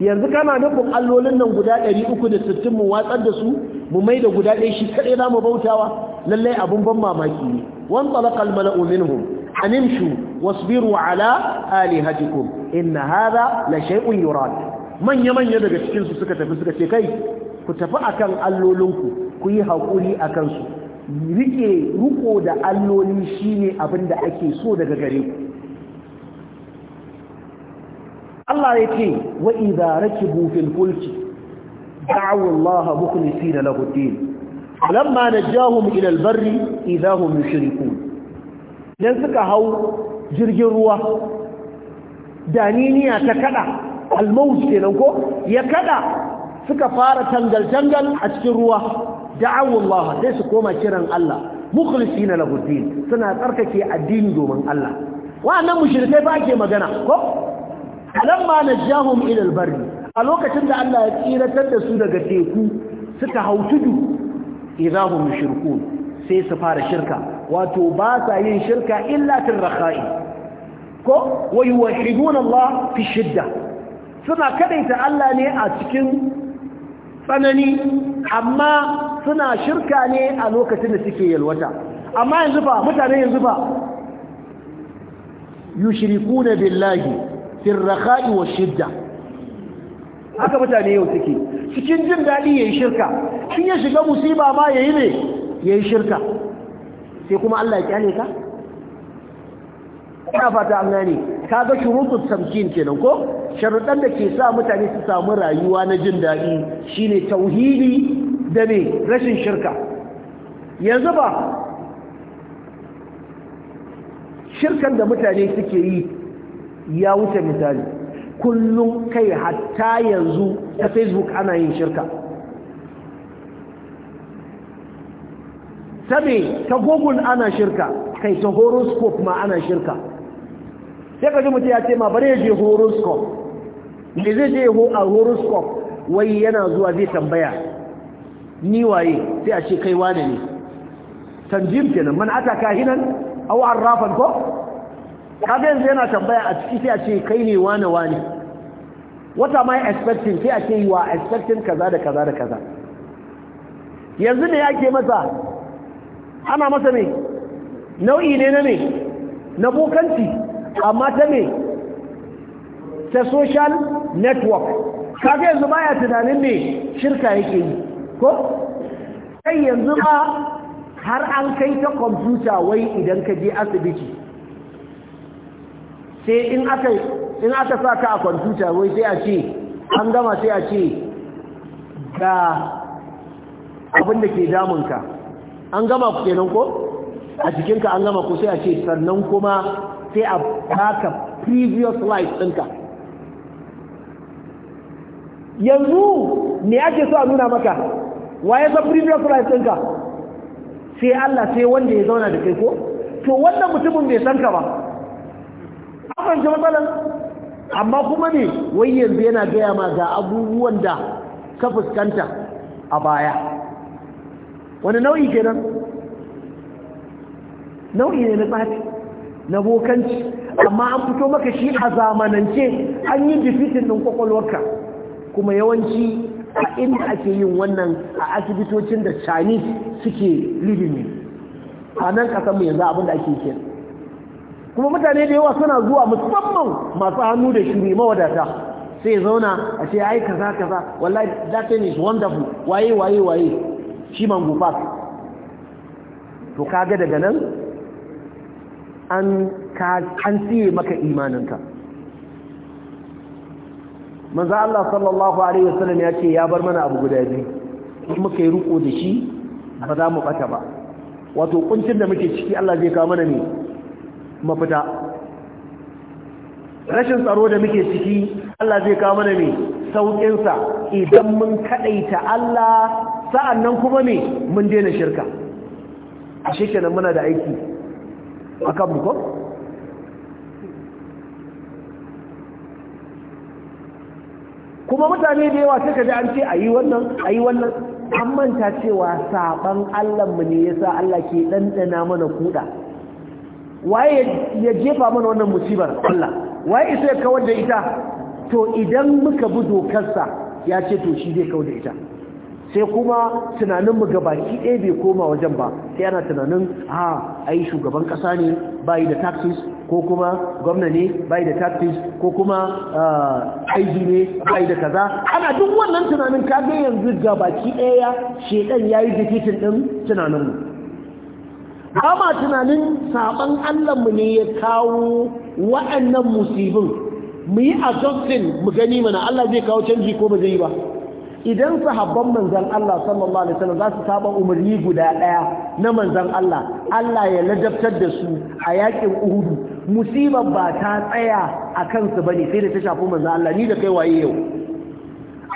yanzu kana nufin allolin nan guda 360 mu watsar da su mu mai da guda ɗaya shi kaɗai za mu bautawa lallai abin ban mamaki ne wan talaqa al minhum animshu wasbiru ala alihatikum inna hadha la shay'un yurad manya manya daga cikin su suka tafi suka ce kai ku tafi akan allolinku ku yi haƙuri akan su rike ruko da alloli shine abin da ake so daga gare ku Allah ya ce wa idza rakibu fil fulki da'u Allah mukhlisina lahu din lamma najahum ila al barri idza hum yushrikun dan suka hau jirgin ruwa daniniya ta kada al mawj kenan ko ya kada suka fara tangal tangal a cikin ruwa da'awu Allah sai su koma kiran Allah mukhlisina lahu din suna tsarkake addini domin Allah wa'annan mushrikai ba ake magana ko alamma najahum ila al a lokacin da Allah ya tsiratar da su daga teku suka hau tudu idahum mushrikun sai su fara shirka wato ba sa yin shirka illa rakai ko wa yuwahiduna Allah fi shidda suna kadaita Allah ne a cikin tsanani amma suna shirka ne a lokacin da suke yalwata amma yanzu ba mutane yanzu ba yushrikuna billahi fil rakha'i shidda haka mutane yau suke cikin jin ya yi shirka in ya shiga musiba ma yayi ne yayi shirka sai kuma Allah ya kyale ka ina fata an gane kaga shurutut tamkin kenan ko sharuɗan da ke sa mutane su samu rayuwa na jin daɗi shine tauhidi da ne rashin shirka yanzu ba shirkan da mutane suke yi ya wuce misali kullum kai hatta yanzu ta facebook ana yin shirka ta ta google ana shirka kai ta horoscope ma ana shirka sai ka ji mutum ya ce ma bari ya je horoscope me zai je a horoscope wai yana zuwa zai tambaya ni waye sai a ce kai wane ne tanjim kenan man ata kahinan aw arrafan ko kaga yanzu yana tambaya a ciki sai a ce kai ne wane wane what am i expecting sai a ce yi wa expecting kaza da kaza da kaza yanzu ne yake masa ana masa ne nau'i ne na ne na bokanci amma ta ne ta social network kaga yanzu ba ya tunanin me shirka yake yi ko sai yanzu ba har an kai ta kwamfuta wai idan ka je asibiti sai in aka in aka sa ka a kwamfuta wai sai a ce an gama sai a ce ga abin da ke damunka an gama kenan ko a cikinka an gama ko sai a ce sannan kuma sai a baka previous life ɗinka yanzu me ake so a nuna maka waye san previous life ɗinka sai Allah sai wanda ya zauna da kai ko to wannan mutumin bai san ka ba akan ji matsalan amma kuma ne wai yanzu yana gaya ma ga abubuwan da ka fuskanta a baya wani nau'i kenan nau'i ne na tsaki na bokanci amma an fito maka shi a zamanance an yi difitin ɗin kwakwalwarka kuma yawanci a inda ake yin wannan a asibitocin da chinese suke living a nan mu yanzu abinda ake ke kuma mutane da yawa suna zuwa musamman masu hannu da shiri mawadata sai zauna a ce ai kaza kaza wallahi that thing is wonderful waye waye waye shi man park to kaga daga nan an tsiye maka imaninka manzo Allah sallallahu alaihi wasallam ya ce ya bar mana abu guda biyu muka yi riko da shi ba za mu bata ba wato kuncin da muke ciki Allah zai kawo mana ne mafita rashin tsaro da muke ciki Allah zai kawo mana ne saukin sa idan mun kadaita Allah sa'annan kuma ne mun daina shirka a shekenan muna da aiki Akan ko? kuma mutane da yawa suka ji an ce a yi wannan a wannan an manta cewa saban allahnmu ne ya sa allah ke ɗanɗana mana kuɗa waye ya jefa mana wannan musibar allah waye isa ya kawar da ita to idan muka bi dokarsa ya ce to shi zai kawar da ita sai kuma tunaninmu ga baki ɗaya bai koma wajen ba sai ana tunanin ha ah, ai shugaban ƙasa ne bayi da taxis ko kuma gwamna ne bayi da taxis ko kuma aiki ah, ne bayi da kaza ana duk wannan tunanin kage yanzu ga baki ɗaya shedan ya yi dikitin ɗin tunaninmu ba ma tunanin saɓon mu ne ya kawo waɗannan musibin mu yi adoptin mu gani mana allah zai kawo canji ko ba zai yi ba idan sahabban manzan Allah sallallahu alaihi wasallam za su saba umarni guda daya na manzan Allah Allah ya ladabtar da su a yakin Uhudu musibar ba ta tsaya a kansu bane sai da ta shafi manzan Allah ni da kai waye yau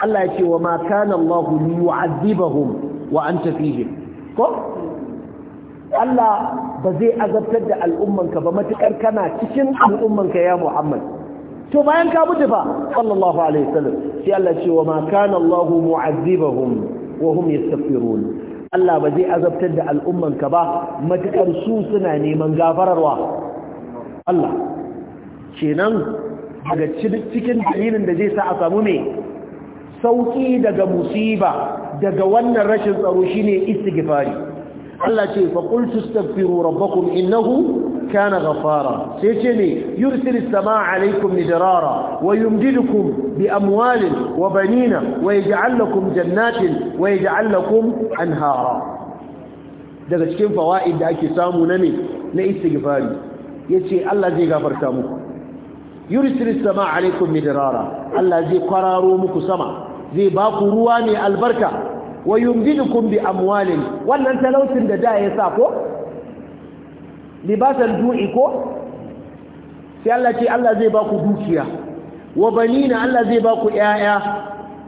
Allah ya ce wa ma kana Allah yu'adhibahum wa anta fihim ko Allah ba zai azabtar da al'ummanka ba matukar kana cikin al'ummanka ya Muhammad to bayan ka mutu fa sallallahu alaihi wasallam sai Allah ce wa ma kana Allah mu'azzibahum wa hum yastaghfirun Allah ba zai azabtar da al'umman ka ba matukar su suna neman gafararwa Allah kenan daga cikin dalilin da zai sa a samu me sauki daga musiba daga wannan rashin tsaro shine istighfari Allah ce fa qultu astaghfiru rabbakum innahu kana ghaffara sai ce ne yursilis samaa alaikum midrara wa yumdidukum bi amwalin wa banina wa yaj'al lakum jannatin wa yaj'al lakum anhara daga cikin fawaid da ake samu na ne na istighfari yace Allah zai gafarta muku yursilis samaa alaikum midrara Allah zai kwararo muku sama zai ba ku ruwa mai albarka wa yumdidukum bi amwalin wannan talautin da da ya sa ko Libasan du'i ko sai Allah ce Allah zai ba ku dukiya wa banina Allah zai ba ku ƴaƴa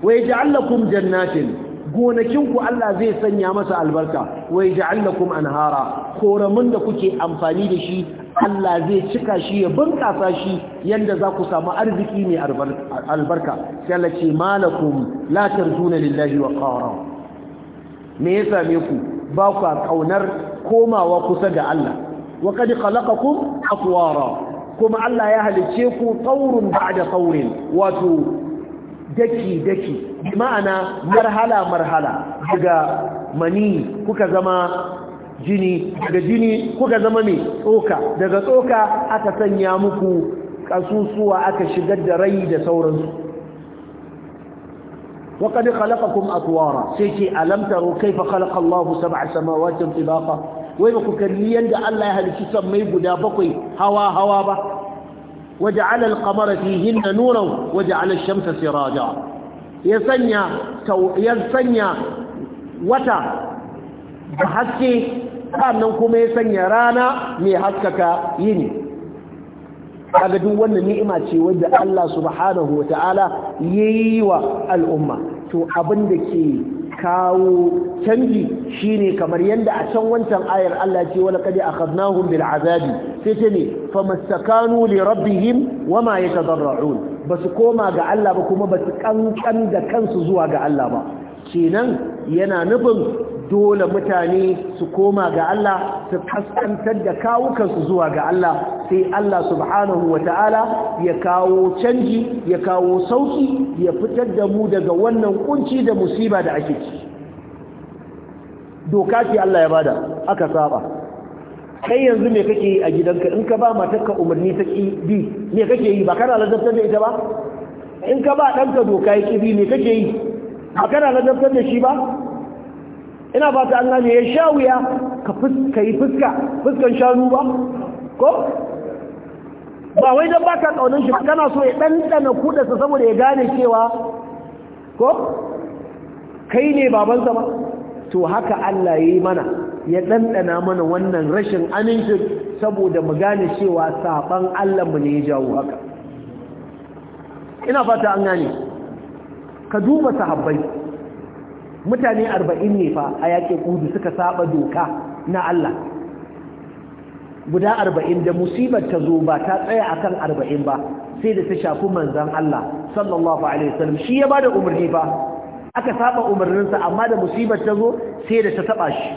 wa yaj'al lakum jannatin gonakinku Allah zai sanya masa albarka wa yaj'al lakum anhara koramin da kuke amfani da shi Allah zai cika shi ya bunƙasa shi yanda za ku samu arziki mai albarka sai Allah ce malakum la lillahi wa qara me ya same ku ba ku kaunar komawa kusa ga Allah wa qad khalaqakum atwara kuma Allah ya halice ku taurun ba'da taurin wato daki daki ma'ana marhala marhala daga mani kuka zama jini daga jini kuka zama mai tsoka daga tsoka aka sanya muku kasusuwa aka shigar da rai da sauransu وقد خلقكم أطوارا سيكي ألم تروا كيف خلق الله سبع سماوات طباقا ويبقوا كليا دع الله أهل كسمي بدابقي هوا هوا با وجعل القمر فيهن نورا وجعل الشمس سراجا يسنيا تو يسنيا وتا بحكي sannan kuma ya sanya rana mai haskaka yini kaga duk wannan ni'ima ce wanda Allah subhanahu wata'ala yayi wa al'umma to abin da ke kawo canji shine kamar yanda a can wancan ayar Allah ce wala kad akhadnahum bil azabi sai ce ne famastakanu li rabbihim wama yatadarrun basu koma ga Allah ba kuma basu kankan da kansu zuwa ga Allah ba kenan yana nufin dole mutane su koma ga Allah su kaskantar da kawukansu zuwa ga Allah sai Allah subhanahu wata'ala ya kawo canji ya kawo sauki ya fitar da mu daga wannan kunci da musiba da ake ci doka ce Allah ya bada aka saba kai yanzu me kake yi a gidanka in ka ba matarka umarni ta ki bi me kake yi ba kana ladabtar da ita ba in ka ba danka doka ya ki bi me kake yi ba kana ladabtar da shi ba ina ba ta an gane ya sha wuya ka yi fuska fuskan shanu ba ko ba wai don baka kaunin shi kana so ya ɗanɗana kudarsa saboda ya gane cewa ko kai ne babansa ba to haka Allah ya yi mana ya ɗanɗana mana wannan rashin amincin saboda mu gane cewa saɓan Allahnmu ne ya jawo haka ina fata an gane ka duba sahabbai mutane arba'in ne fa a yaƙin udu suka saba doka na Allah guda arba'in da musibar ta zo ba ta tsaya akan arba'in ba sai da ta shafi manzan Allah sallallahu alaihi wasallam shi ya bada umarni fa? aka saba umarninsa amma da musibar ta zo sai da ta taba shi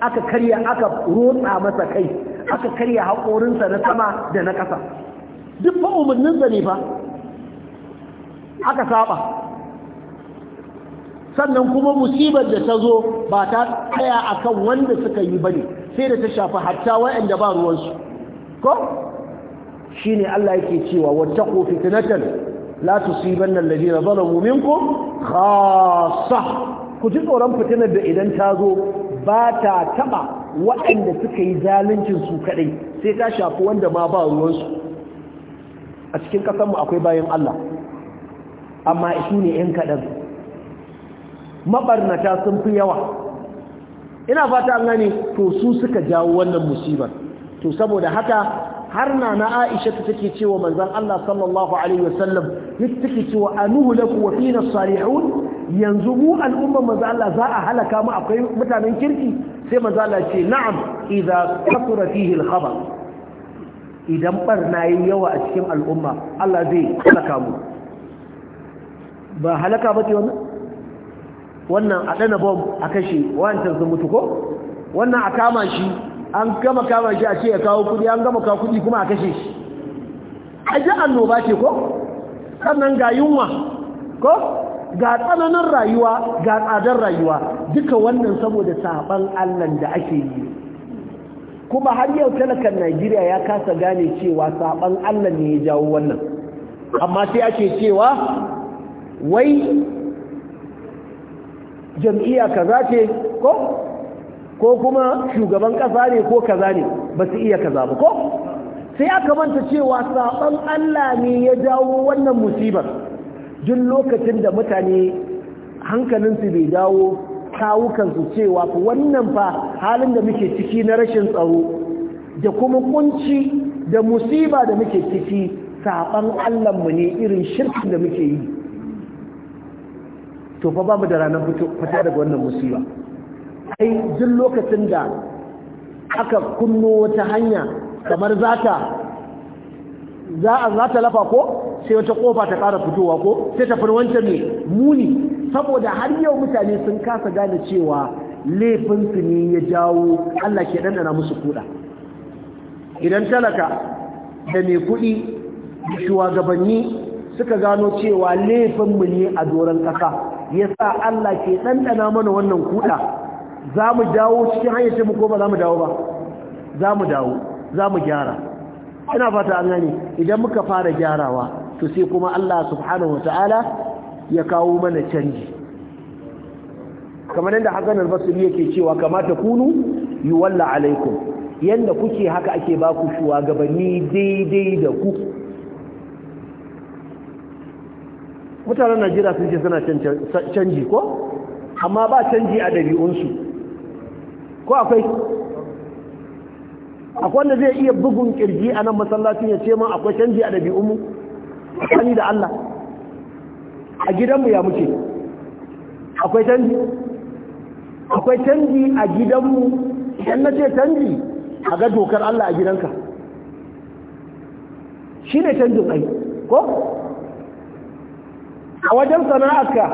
aka karya aka rotsa masa kai aka karya haƙorinsa na sama da na ƙasa duk fa umarninsa ne fa aka saba sannan kuma musibar da ta zo ba ta tsaya akan wanda suka yi bane sai da ta shafi hatta waanda ba ruwansu ko shine Allah yake cewa wattaqu fitnatan la nan alladhina zalamu minkum khassa ku ji tsoron fitinar da idan ta zo ba ta taba waɗanda suka yi zaluncin su kadai sai ta shafi wanda ma ba ruwansu a cikin ƙasarmu akwai bayan Allah amma su ne 'yan kaɗan mabarnata sun fi yawa ina fata an gane to su suka jawo wannan musibar to saboda haka har na na Aisha ta take cewa manzon Allah sallallahu alaihi wasallam take cewa anuhu laku wa fina salihun yanzu mu al'umma manzon Allah za a halaka mu akwai mutanen kirki sai manzon Allah ce na'am idza kasura fihi al-khabar idan barna yi yawa a cikin al'umma Allah zai halaka mu ba halaka ba ce wannan wannan a dana bom a kashe wancan sun mutu ko wannan a kama shi an gama kama shi a ce ya kawo kudi an gama kawo kudi kuma a kashe shi a ji annoba ce ko sannan ga yunwa ko ga tsananin rayuwa ga tsadar rayuwa duka wannan saboda saban allan da ake yi kuma har yau talakan najeriya ya kasa gane cewa saban allah ne ya jawo wannan amma sai ake cewa wai jam'iyya kaza ce ko ko kuma shugaban kasa ne ko kaza ne ba su iya kaza ba ko sai aka manta cewa saban Allah ne ya dawo wannan musibar duk lokacin da mutane hankalinsu bai dawo kawukansu cewa wannan fa halin da muke ciki na rashin tsaro da kuma kunci da musiba da muke ciki saban mu ne irin shirkin da muke yi to fa ba mu da ranar fita daga wannan musiba ai duk lokacin da aka kunno wata hanya kamar zata za a za ta lafa ko sai wata kofa ta ƙara fitowa ko sai ta farwanta ne muni saboda har yau mutane sun kasa gane cewa laifinsu ne ya jawo Allah ke ɗanɗana musu kuɗa idan talaka da mai kuɗi shugabanni suka gano cewa laifin mu ne a doron ƙasa ya sa Allah ke ɗanɗana mana wannan kuɗa za mu dawo cikin hanyar ce muku ba za mu dawo ba za mu dawo za mu gyara ina fata an gani idan muka fara gyarawa to sai kuma Allah subhanahu wa ta'ala ya kawo mana canji kamar yadda hakan al-Basri yake cewa kamata kunu yuwalla alaikum yanda kuke haka ake ba ku gabanni daidai da ku mutanen najeriya sun ce suna canji ko amma ba canji a ɗabi'unsu ko akwai akwai wanda zai iya bugun kirji a nan masallacin ya ce ma akwai canji a ɗabi'unmu a da allah a gidanmu ya muke akwai canji akwai canji a gidanmu yan na ce canji a ga dokar allah a gidanka shi ne canjin ai ko a wajen sana'arka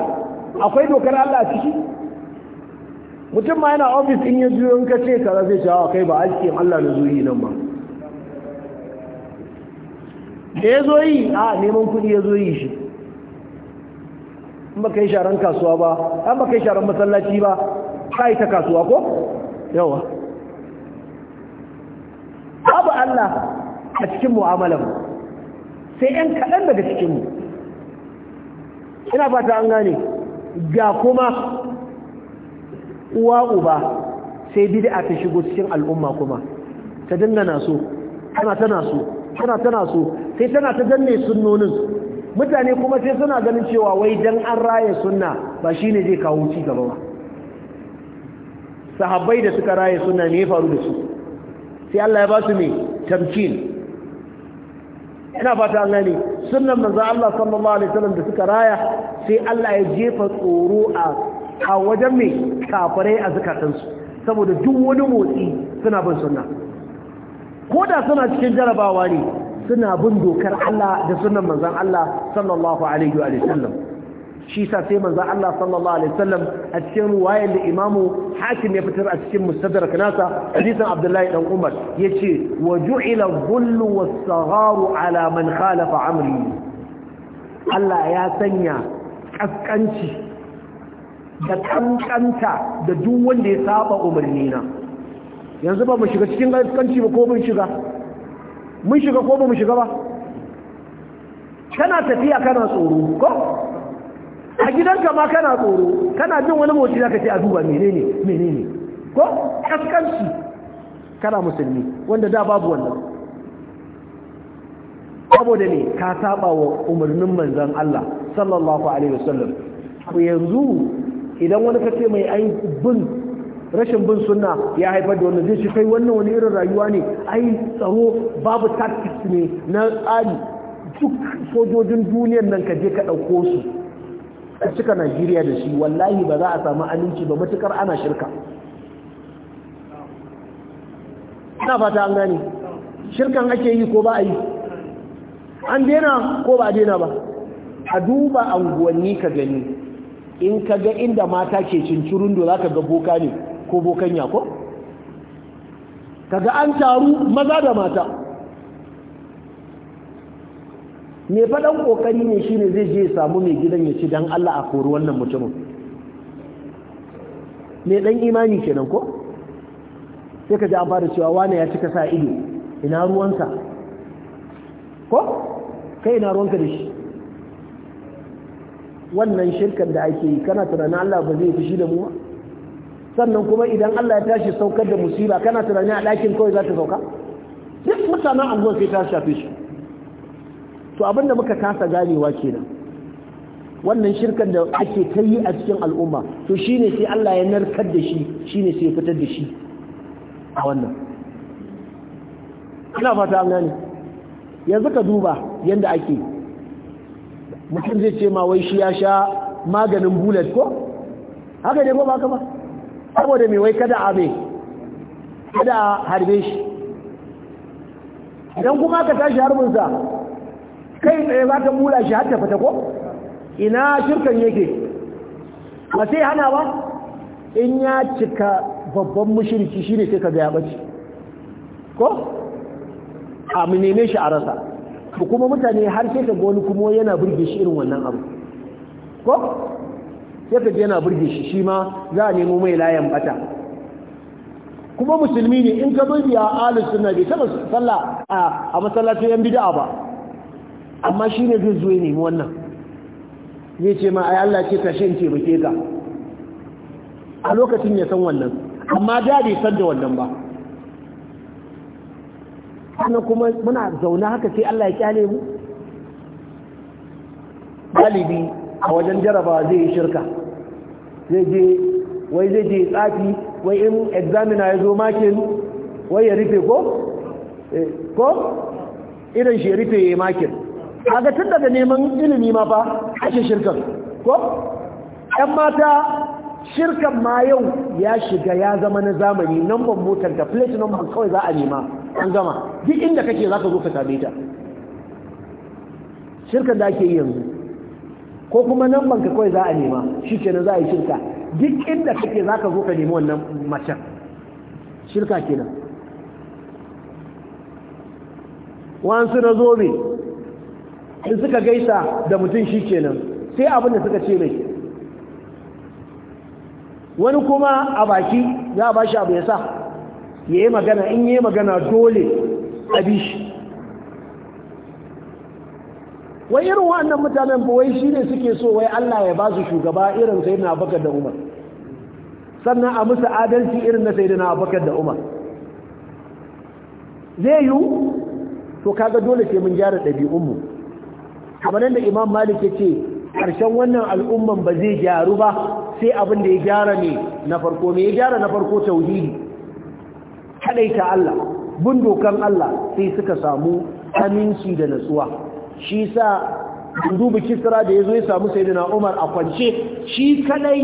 akwai dokar Allah a ciki mutum ma yana ofis in ya juyo in ka ce kaza zai shawa ah, kai ba aikin Allah na zuri nan ba da ya zo yi a neman kudi ya zo yi shi in baka yi sharan kasuwa ba an baka yi sharan masallaci ba kai ta kasuwa ko yawa babu Allah a cikin mu'amalan sai 'yan kaɗan daga cikinmu ina fata an gane ga kuma uwa uba sai bid'a ta shigo cikin al'umma kuma ta dangana so tana tana so tana tana so sai tana ta danne sunnonin mutane kuma sai suna ganin cewa wai dan an raye sunna ba shine zai kawo ci gaba ba sahabbai da suka raye sunna ne ya faru da su sai Allah ya ba su ne tamkin ina fata an gane sunnan manzo Allah sallallahu alaihi wasallam da suka raya sai Allah ya jefa tsoro a a wajen mai kafirai a zakatansu saboda duk wani motsi suna bin sunna ko da suna cikin jarabawa ne suna bin dokar Allah da sunnan manzon Allah sallallahu alaihi wa shi sa sai manzo Allah sallallahu alaihi wasallam a cikin ruwayar da imamu hakim ya fitar a cikin mustadrak kanasa, hadisin abdullahi dan umar yace wa ju'ila dhullu was-sagharu ala man khalafa amri Allah ya sanya kaskanci da kankanta da duk wanda ya saba umarni na yanzu ba mu shiga cikin kaskanci ba ko mun shiga mun shiga ko ba mu shiga ba kana tafiya kana tsoro ko a gidanka ma kana tsoro kana jin wani motsi zaka ce a duba menene menene ko kaskanci kana musulmi wanda da babu wannan saboda ne ka saba wa umarnin manzan Allah sallallahu alaihi wasallam yanzu idan wani kace mai ai bin rashin bin sunna ya haifar da wannan zai shi kai wannan wani irin rayuwa ne ai tsaro babu tactics ne na tsari duk sojojin duniyar nan ka je ka dauko su a cika Najeriya da shi wallahi ba za a samu aminci ba matukar ana shirka ina fata an gani shirkan ake yi ko ba a yi an daina ko ba a daina ba a duba anguwanni ka gani in ka ga inda mata ke cincirin da za ka ga boka ne ko bokan yako ka ga an taru maza da mata me faɗan ƙoƙari ne shine zai je samu mai gidan ya ci don Allah a kori wannan mutumin me ɗan imani kenan ko sai ka ji an fara cewa wane ya cika sa ido ina ruwansa ko kai ina ruwanka da shi wannan shirkar da ake yi kana tunanin Allah ba zai fushi da mu sannan kuma idan Allah ya tashi saukar da musiba kana tunanin a ɗakin kawai za ta sauka duk mutanen anguwa sai ta shafe shi to abinda muka kasa ganewa kenan wannan shirkan da ake ta yi a cikin al'umma to shine sai Allah ya narkar da shi shine sai ya fitar da shi a wannan ina fata an gane yanzu ka duba yanda ake mutum zai ce ma wai shi ya sha maganin bullet ko haka ne ko ba ka ba saboda me wai kada abe kada harbe shi idan kuma ka tashi harbinsa kai tsaye za ka mula shi hatta fata ko ina shirkan yake ba sai hana ba in ya cika babban mushirki shine sai ka ga bace ko a mu neme shi a rasa ko kuma mutane har sai ka ga wani kuma yana burge shi irin wannan abu ko sai ka yana burge shi shi ma za a nemo mai layan bata kuma musulmi ne in ka burge a ahlus sunna bai taba sallah a masallacin yan bid'a ba amma shi ne zai zuwa ya nemi wannan zai ce ma yi Allah ce ka ce taimake ka a lokacin ya san wannan amma da bai san da wannan ba sannan kuma muna zaune haka sai Allah ya kyale mu galibi a wajen jaraba zai yi shirka zai je wai zai je tsafi wai in examiner ya zo makin wai ya rufe ko? Eh, ko? idan shi rufe ya makin kaga tun daga neman ilimi ma fa ake shirkan ko ɗan mata shirkan ma yau ya shiga ya zama na zamani ban motar da plate number kawai za a nema an gama duk inda kake za ka zo ka same ta shirkan da ake yi yanzu ko kuma nan ka kawai za a nema shi kenan za a yi shirka duk inda kake za ka zo ka nemi wannan macen shirka kenan wa'ansu na zobe in suka gaisa da mutum shi kenan sai abin da suka ce mai wani kuma a baki za a bashi abu ya sa ya yi magana in yi magana dole a bi shi wai irin wa'annan mutanen buwai shi ne suke so wai Allah ya ba su shugaba irin sai na bakar da umar sannan a musu adalci irin na sai na bakar da umar zai yiwu to kaga dole ke mun gyara ɗabi'unmu kamar yadda imam malik ya ce ƙarshen wannan al'umman ba zai gyaru ba sai abin da ya gyara ne na farko me ya gyara na farko tauhidi ta Allah bin dokan Allah sai suka samu aminci da natsuwa shi sa dubu kisra da yazo ya samu sayyidina Umar a kwance shi kadai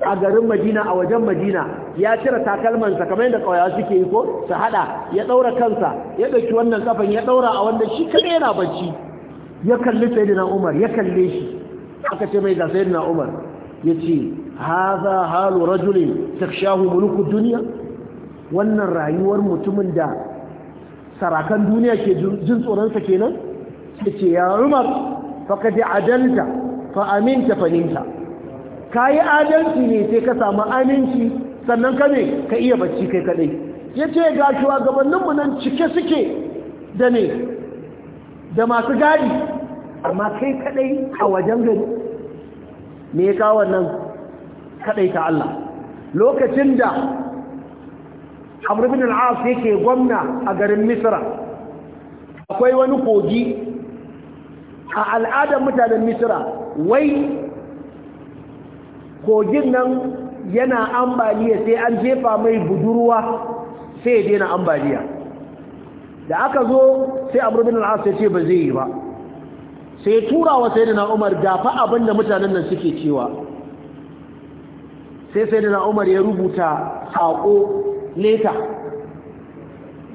a garin Madina a wajen Madina ya cire takalmansa kamar yadda kauyawa suke yi ko su haɗa. ya ɗaura kansa ya ɗauki wannan kafan ya ɗaura a wanda shi kadai yana bacci ya kalli sayyidina Umar ya kalle shi aka ce mai ga sayyidina Umar yace hadha halu rajulin takshahu muluku duniya? wannan rayuwar mutumin da sarakan duniya ke jin tsoronsa kenan? kenan ce ya Umar faqad adalta fa aminta fa ninta kayi adalci ne sai ka samu aminci sannan ka ne ka iya bacci kai kadai yace ga shugabanninmu nan cike suke da ne da masu gadi amma kai kadai a wajen gari me ya kawo wannan kadai ta Allah lokacin da Amr ibn al yake gwamna a garin Misra akwai wani kogi a al'adar mutanen Misra wai kogin nan yana ambaliya sai an jefa mai budurwa sai ya daina ambaliya da aka zo sai amru bin ya ce ba zai yi ba sai turawa wa sayyidina umar da fa abin da mutanen nan suke cewa sai sayyidina umar ya rubuta sako leta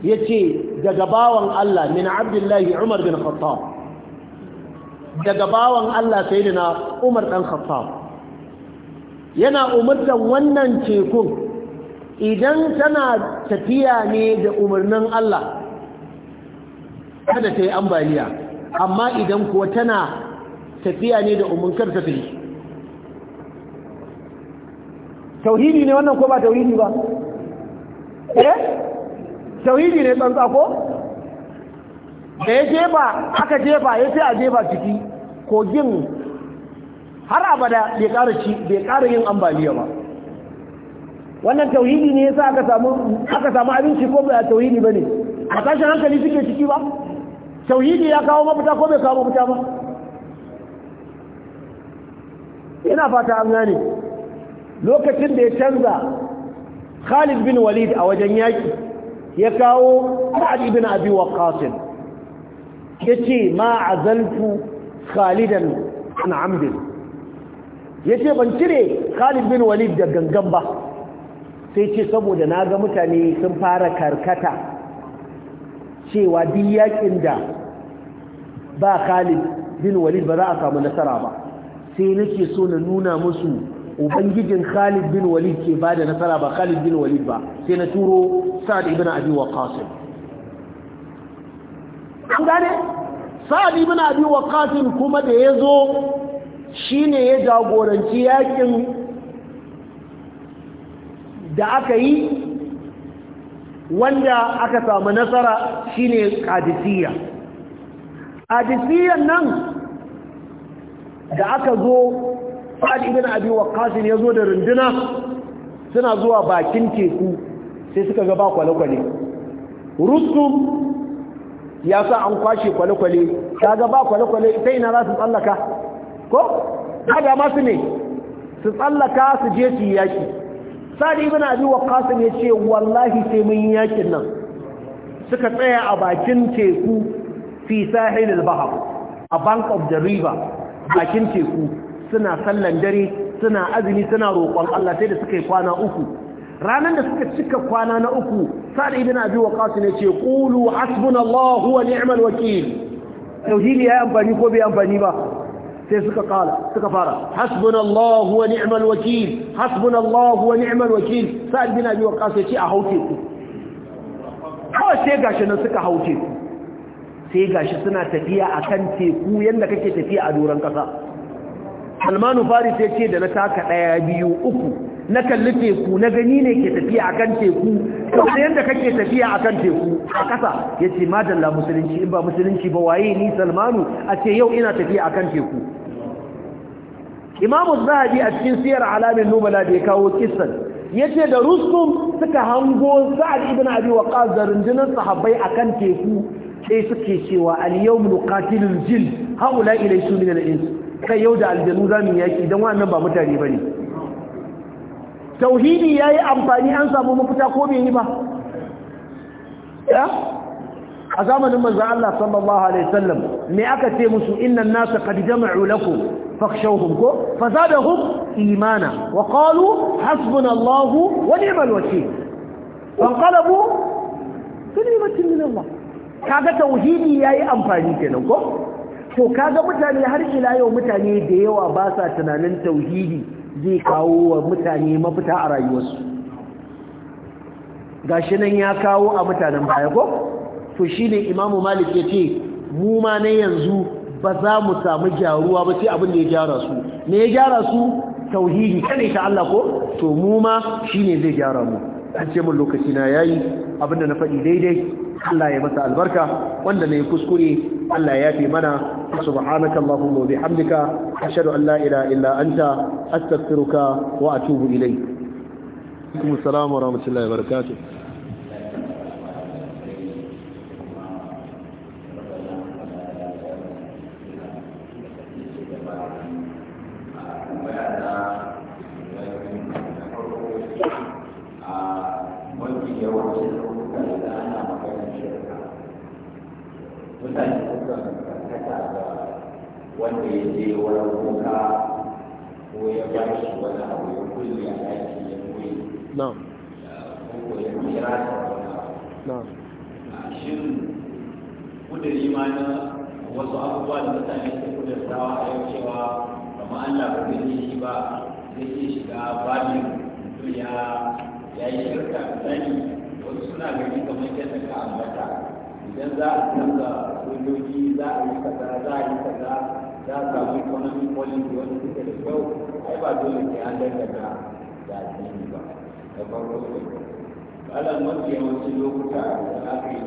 yace daga bawan Allah min abdullahi umar bin khattab daga bawan Allah sayyidina umar dan khattab yana umurtan wannan tekun idan tana tafiya ne da umarnin Allah kada ta yi ambaliya amma idan kuwa tana tafiya ne da umun ta tafi tauhidi ne wannan ko ba tauhidi ba eh tauhidi ne tsantsa ko da ya jefa aka jefa ya ce a jefa ciki kogin har abada bai ƙara ci bai yin ambaliya ba wannan tauhidi ne yasa aka samu aka samu abinci ko ba tauhidi bane a tashin hankali suke ciki ba tauhidi ya kawo mafita ko bai kawo mafita ba ina fata an gane lokacin da ya canza Khalid bin Walid a wajen yaki ya kawo Sa'ad ibn Abi Waqqas yace ma azaltu Khalidan an amdi yace ban cire Khalid bin Walid da gangan ba sai ce saboda ga mutane sun fara karkata cewa duk yakin da ba Khalid bin Walid ba za a samu nasara ba sai nake so na nuna musu ubangijin Khalid bin Walid ke bada nasara ba Khalid bin Walid ba sai na turo Sa'ad ibn Abi Waqqas an gane Sa'ad ibn Abi Waqqas kuma da yazo shine ya jagoranci yakin da aka yi wanda aka samu nasara shine qadisiyya qadisiyyan nan da aka zo Sa'ad ibn Abi Waqqas ya zo da runduna suna zuwa bakin teku sai suka ga ba kwale-kwale ya sa an kwashe kwale-kwale kaga ba kwale-kwale sai ina za su tsallaka ko kada masu ne su tsallaka su je su yaki sa'ad ibn abi waqqas ne ce wallahi sai mun yakin nan suka tsaya a bakin teku fi sahil al-bahr a bank of the river bakin teku suna sallan dare suna azumi suna roƙon Allah sai da suka yi kwana uku ranan da suka cika kwana na uku sa'ad ibn abi waqqas ne ce qulu hasbunallahu wa ni'mal wakeel tauhidi ya amfani ko bai amfani ba sai suka kala suka fara hasbunallahu wa ni'mal wakil hasbunallahu wa ni'mal wakil sa'ad bin abi waqas yace a haute ku kawai sai gashi nan suka haute ku sai gashi suna tafiya akan teku yanda kake tafiya a doran kasa salmanu faris ya ce da na taka ɗaya biyu uku na kalli teku na gani ne ke tafiya a kan teku kamar yadda kake tafiya a kan teku a ƙasa ya ce madalla musulunci in ba musulunci ba waye ni salmanu a ce yau ina tafiya a kan teku imamu zahabi a cikin siyar alamin nubala da ya kawo kisan ya ce da rustum suka hango sa'ad ibn abi waqas da rundunar sahabbai akan teku sai suke cewa al-yawm nuqatilul jin haula ilaysu min al-ins kai yau da aljanu za mu yaki don wannan ba mutane ba ne tauhidi ya yi amfani an samu mafita ko bai yi ba ya a zamanin manzan Allah sallallahu alaihi Sallam, me aka ce musu innan nasa kadi jama'u lakum fakhshawhum ko fazadahum imana wa qalu hasbuna Allah wa ni'mal wakeel wanqalabu bi ni'matin min Allah kaga tauhidi yayi amfani kenan ko to kaga mutane har ila yau mutane da yawa ba sa tunanin tauhidi zai kawo wa mutane mafita a rayuwarsu gashi nan ya kawo a mutanen baya ko to shine imamu malik yace mu ma na yanzu ba za mu samu jaruwa ba sai abin da ya gyara su me ya gyara su tauhidi kane ta Allah ko to mu ma shine zai gyara mu an ce mun lokaci na yayi abinda na faɗi daidai Allah ya masa albarka wanda ne kuskure Allah ya fi mana subhanaka allahumma wa bihamdika ashhadu an la ilaha illa anta astaghfiruka wa atubu ilayk alaikum wa rahmatullahi wa barakatuh ya wurin kuka ko ya ba shi wani abu ya kulle ya yaki ya kuyi ko ya kira ta wani a shin kudiri ma na wasu abubuwa da mutane ke kudirtawa a yau cewa kamar Allah ba zai yi shi ba zai iya shiga babin mutum ya ya yi shirka sani wasu suna gani kamar yadda ka ambata idan za a canza sojoji za a yi kaza za a yi kaza ta samu economic policy wanda suke da kyau ai ba dole sai an dangata da addini ba da farko su kalan mafi yawancin lokuta da aka yi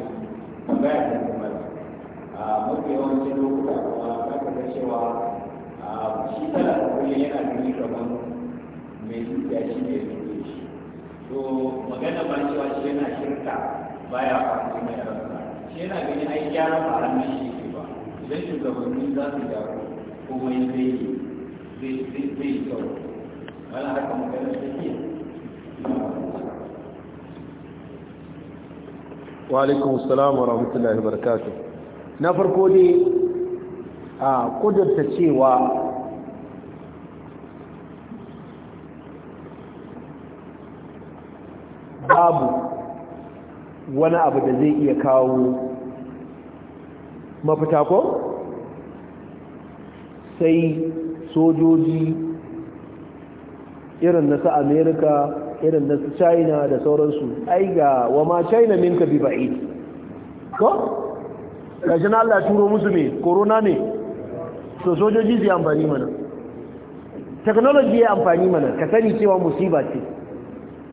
tambaya ta kamar a mafi yawancin lokuta kuma ka ga cewa shi talaka kuma yana gani kamar mai dukiya shi ne ya shi to magana ba cewa shi yana shirka baya faɗi mai rasa shi yana ganin ai gyara ba a nan shi ba idan shugabanni za su gyara komai zai yi zai yi kyau wani haka maganar take wa alaikum assalam wa rahmatullahi wa na farko dai a kudurta cewa babu wani abu da zai iya kawo mafita ko sai sojoji irin na su amerika irin na su china da sauransu ai ga wa ma china min ka bi ba'id? ko gashi allah turo musu me corona ne to sojoji su yi amfani mana technology ya amfani mana ka sani cewa musiba ce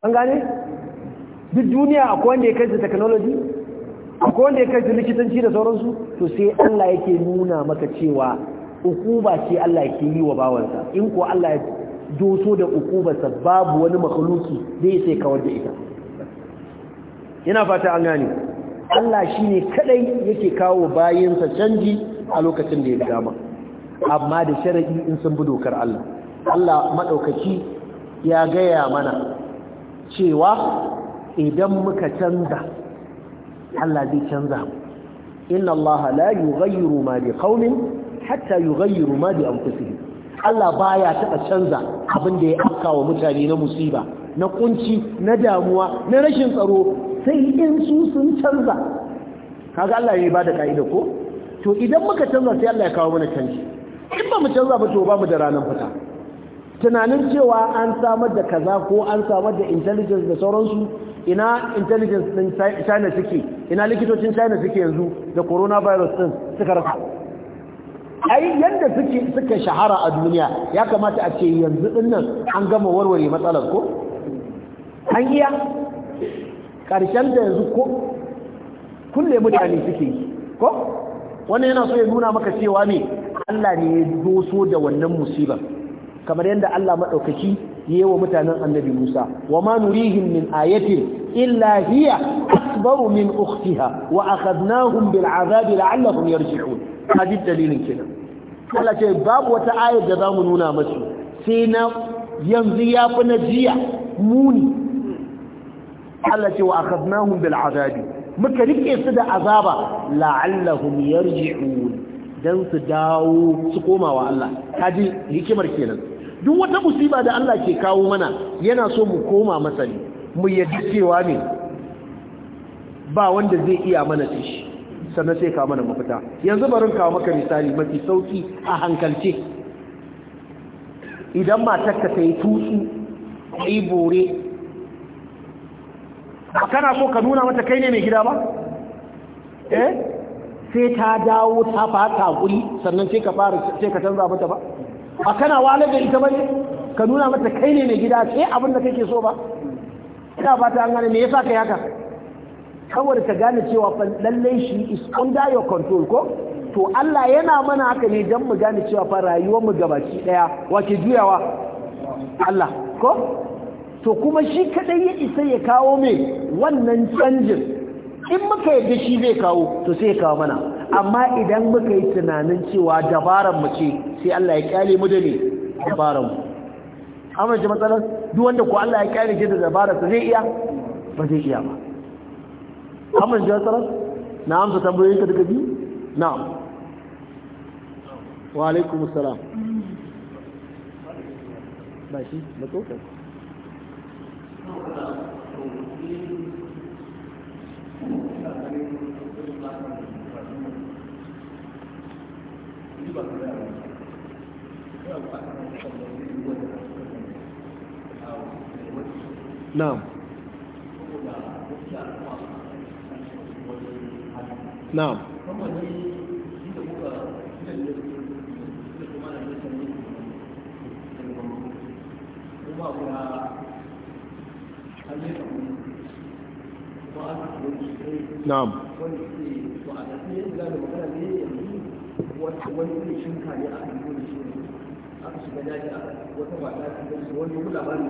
an gane duk duniya akwai wanda ya kai su technology akwai wanda ya kai likitanci da sauransu to sai Allah yake nuna maka cewa ukuba ce Allah ke yi wa bawansa in ko Allah ya doso da ukubarsa babu wani makhluki zai sai kawar da ita Ina fata an gane Allah shine kadai yake kawo bayinsa canji a lokacin da ya gama amma da sharadi in sun bi dokar Allah Allah madaukaki ya gaya mana cewa idan muka canza Allah zai canza inna Allah la yughayyiru ma biqaumin hatta yughayyiru ma bi anfusihim Allah baya taɓa canza abin da ya afka wa mutane na musiba na kunci na damuwa na rashin tsaro sai in su sun canza kaga Allah ya bada kaida ko to idan muka canza sai Allah ya kawo mana canji in ba mu canza ba to ba mu da ranar fita tunanin cewa an samar da kaza ko an samar da intelligence da sauransu ina intelligence din China suke ina likitocin China suke yanzu da coronavirus din suka rasa ai yanda suke suka shahara a duniya ya kamata a ce yanzu din nan an gama warware matsalar ko an iya karshen da yanzu ko kulle mutane suke ko wannan yana so ya nuna maka cewa ne Allah ne ya doso da wannan musibar kamar yadda Allah madaukaki yayi wa mutanen Annabi Musa wa ma nurihim min ayatin illa hiya akbaru min ukhtiha wa akhadnahum bil azabi la'allahum yarji'un hadith dalilin kenan Allah ce babu wata ayar da zamu nuna masu sai na yanzu ya fi na jiya muni Allah ce wa akhadnahum bil azabi muka rike su da azaba la'allahum yarji'un dan su dawo su koma wa Allah kaji hikimar kenan duk wata musiba da Allah ke kawo mana yana so mu koma masa ne mu yadda cewa ne ba wanda zai iya mana shi sannan sai kama mana mafita yanzu barin kawo maka misali mafi sauki a hankalce idan matarka ta yi tutsu yi bore kana so ka nuna mata kai ne mai gida ba eh sai ta dawo ta fata guri sannan sai ka fara sai ka canza mata ba A kana wale da ita bane ka nuna mata kai ne mai gida sai abinda kake so ba ina fata an gane me yasa yi haka Kawar ta gane cewa fa lallai shi is under your control ko to Allah yana mana haka ne dan mu gane cewa fa rayuwar mu gabaki daya wace juyawa Allah ko to kuma shi kadai ya isa ya kawo me wannan canjin in muka yadda shi zai kawo to sai ya kawo mana amma idan muka yi tunanin cewa dabaran mu ce sai Allah ya kyale mu da ne dabaran mu amma jama'a duk wanda ko Allah ya kyale shi da dabaran sa zai iya ba zai iya ba amma ji tsara na amsa tambayoyin ka duka biyu na'am wa alaikum assalam ba shi ba tsokar Na'am. na'am na'am aka wata ba ta wani labari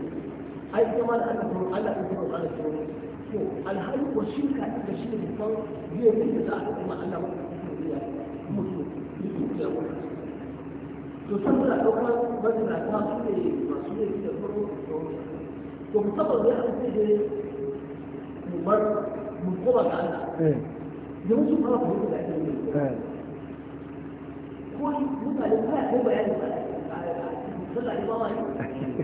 ai kuma da aka kuma Allah ya kuma Allah ya kuma to alhali ko shirka ita shi ne kan zai yi da za a kuma Allah ba ya mutu mutu ya mutu to saboda ɗaukar mazinata su ne masu ne da farko to mu saba zai an sai da mu bar mu koma ga Allah da musu fara kuma da ake yi ko mutane ba ya kai bayani ba sallah ba ma yi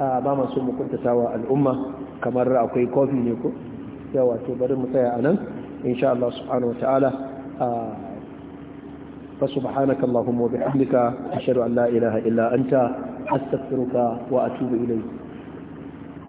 ba ma so mu al'umma kamar akwai kofi ne ko yawa to bari mu tsaya anan insha Allah subhanahu wataala fa subhanaka allahumma wa bihamdika ashhadu an la ilaha illa anta astaghfiruka wa atubu ilayk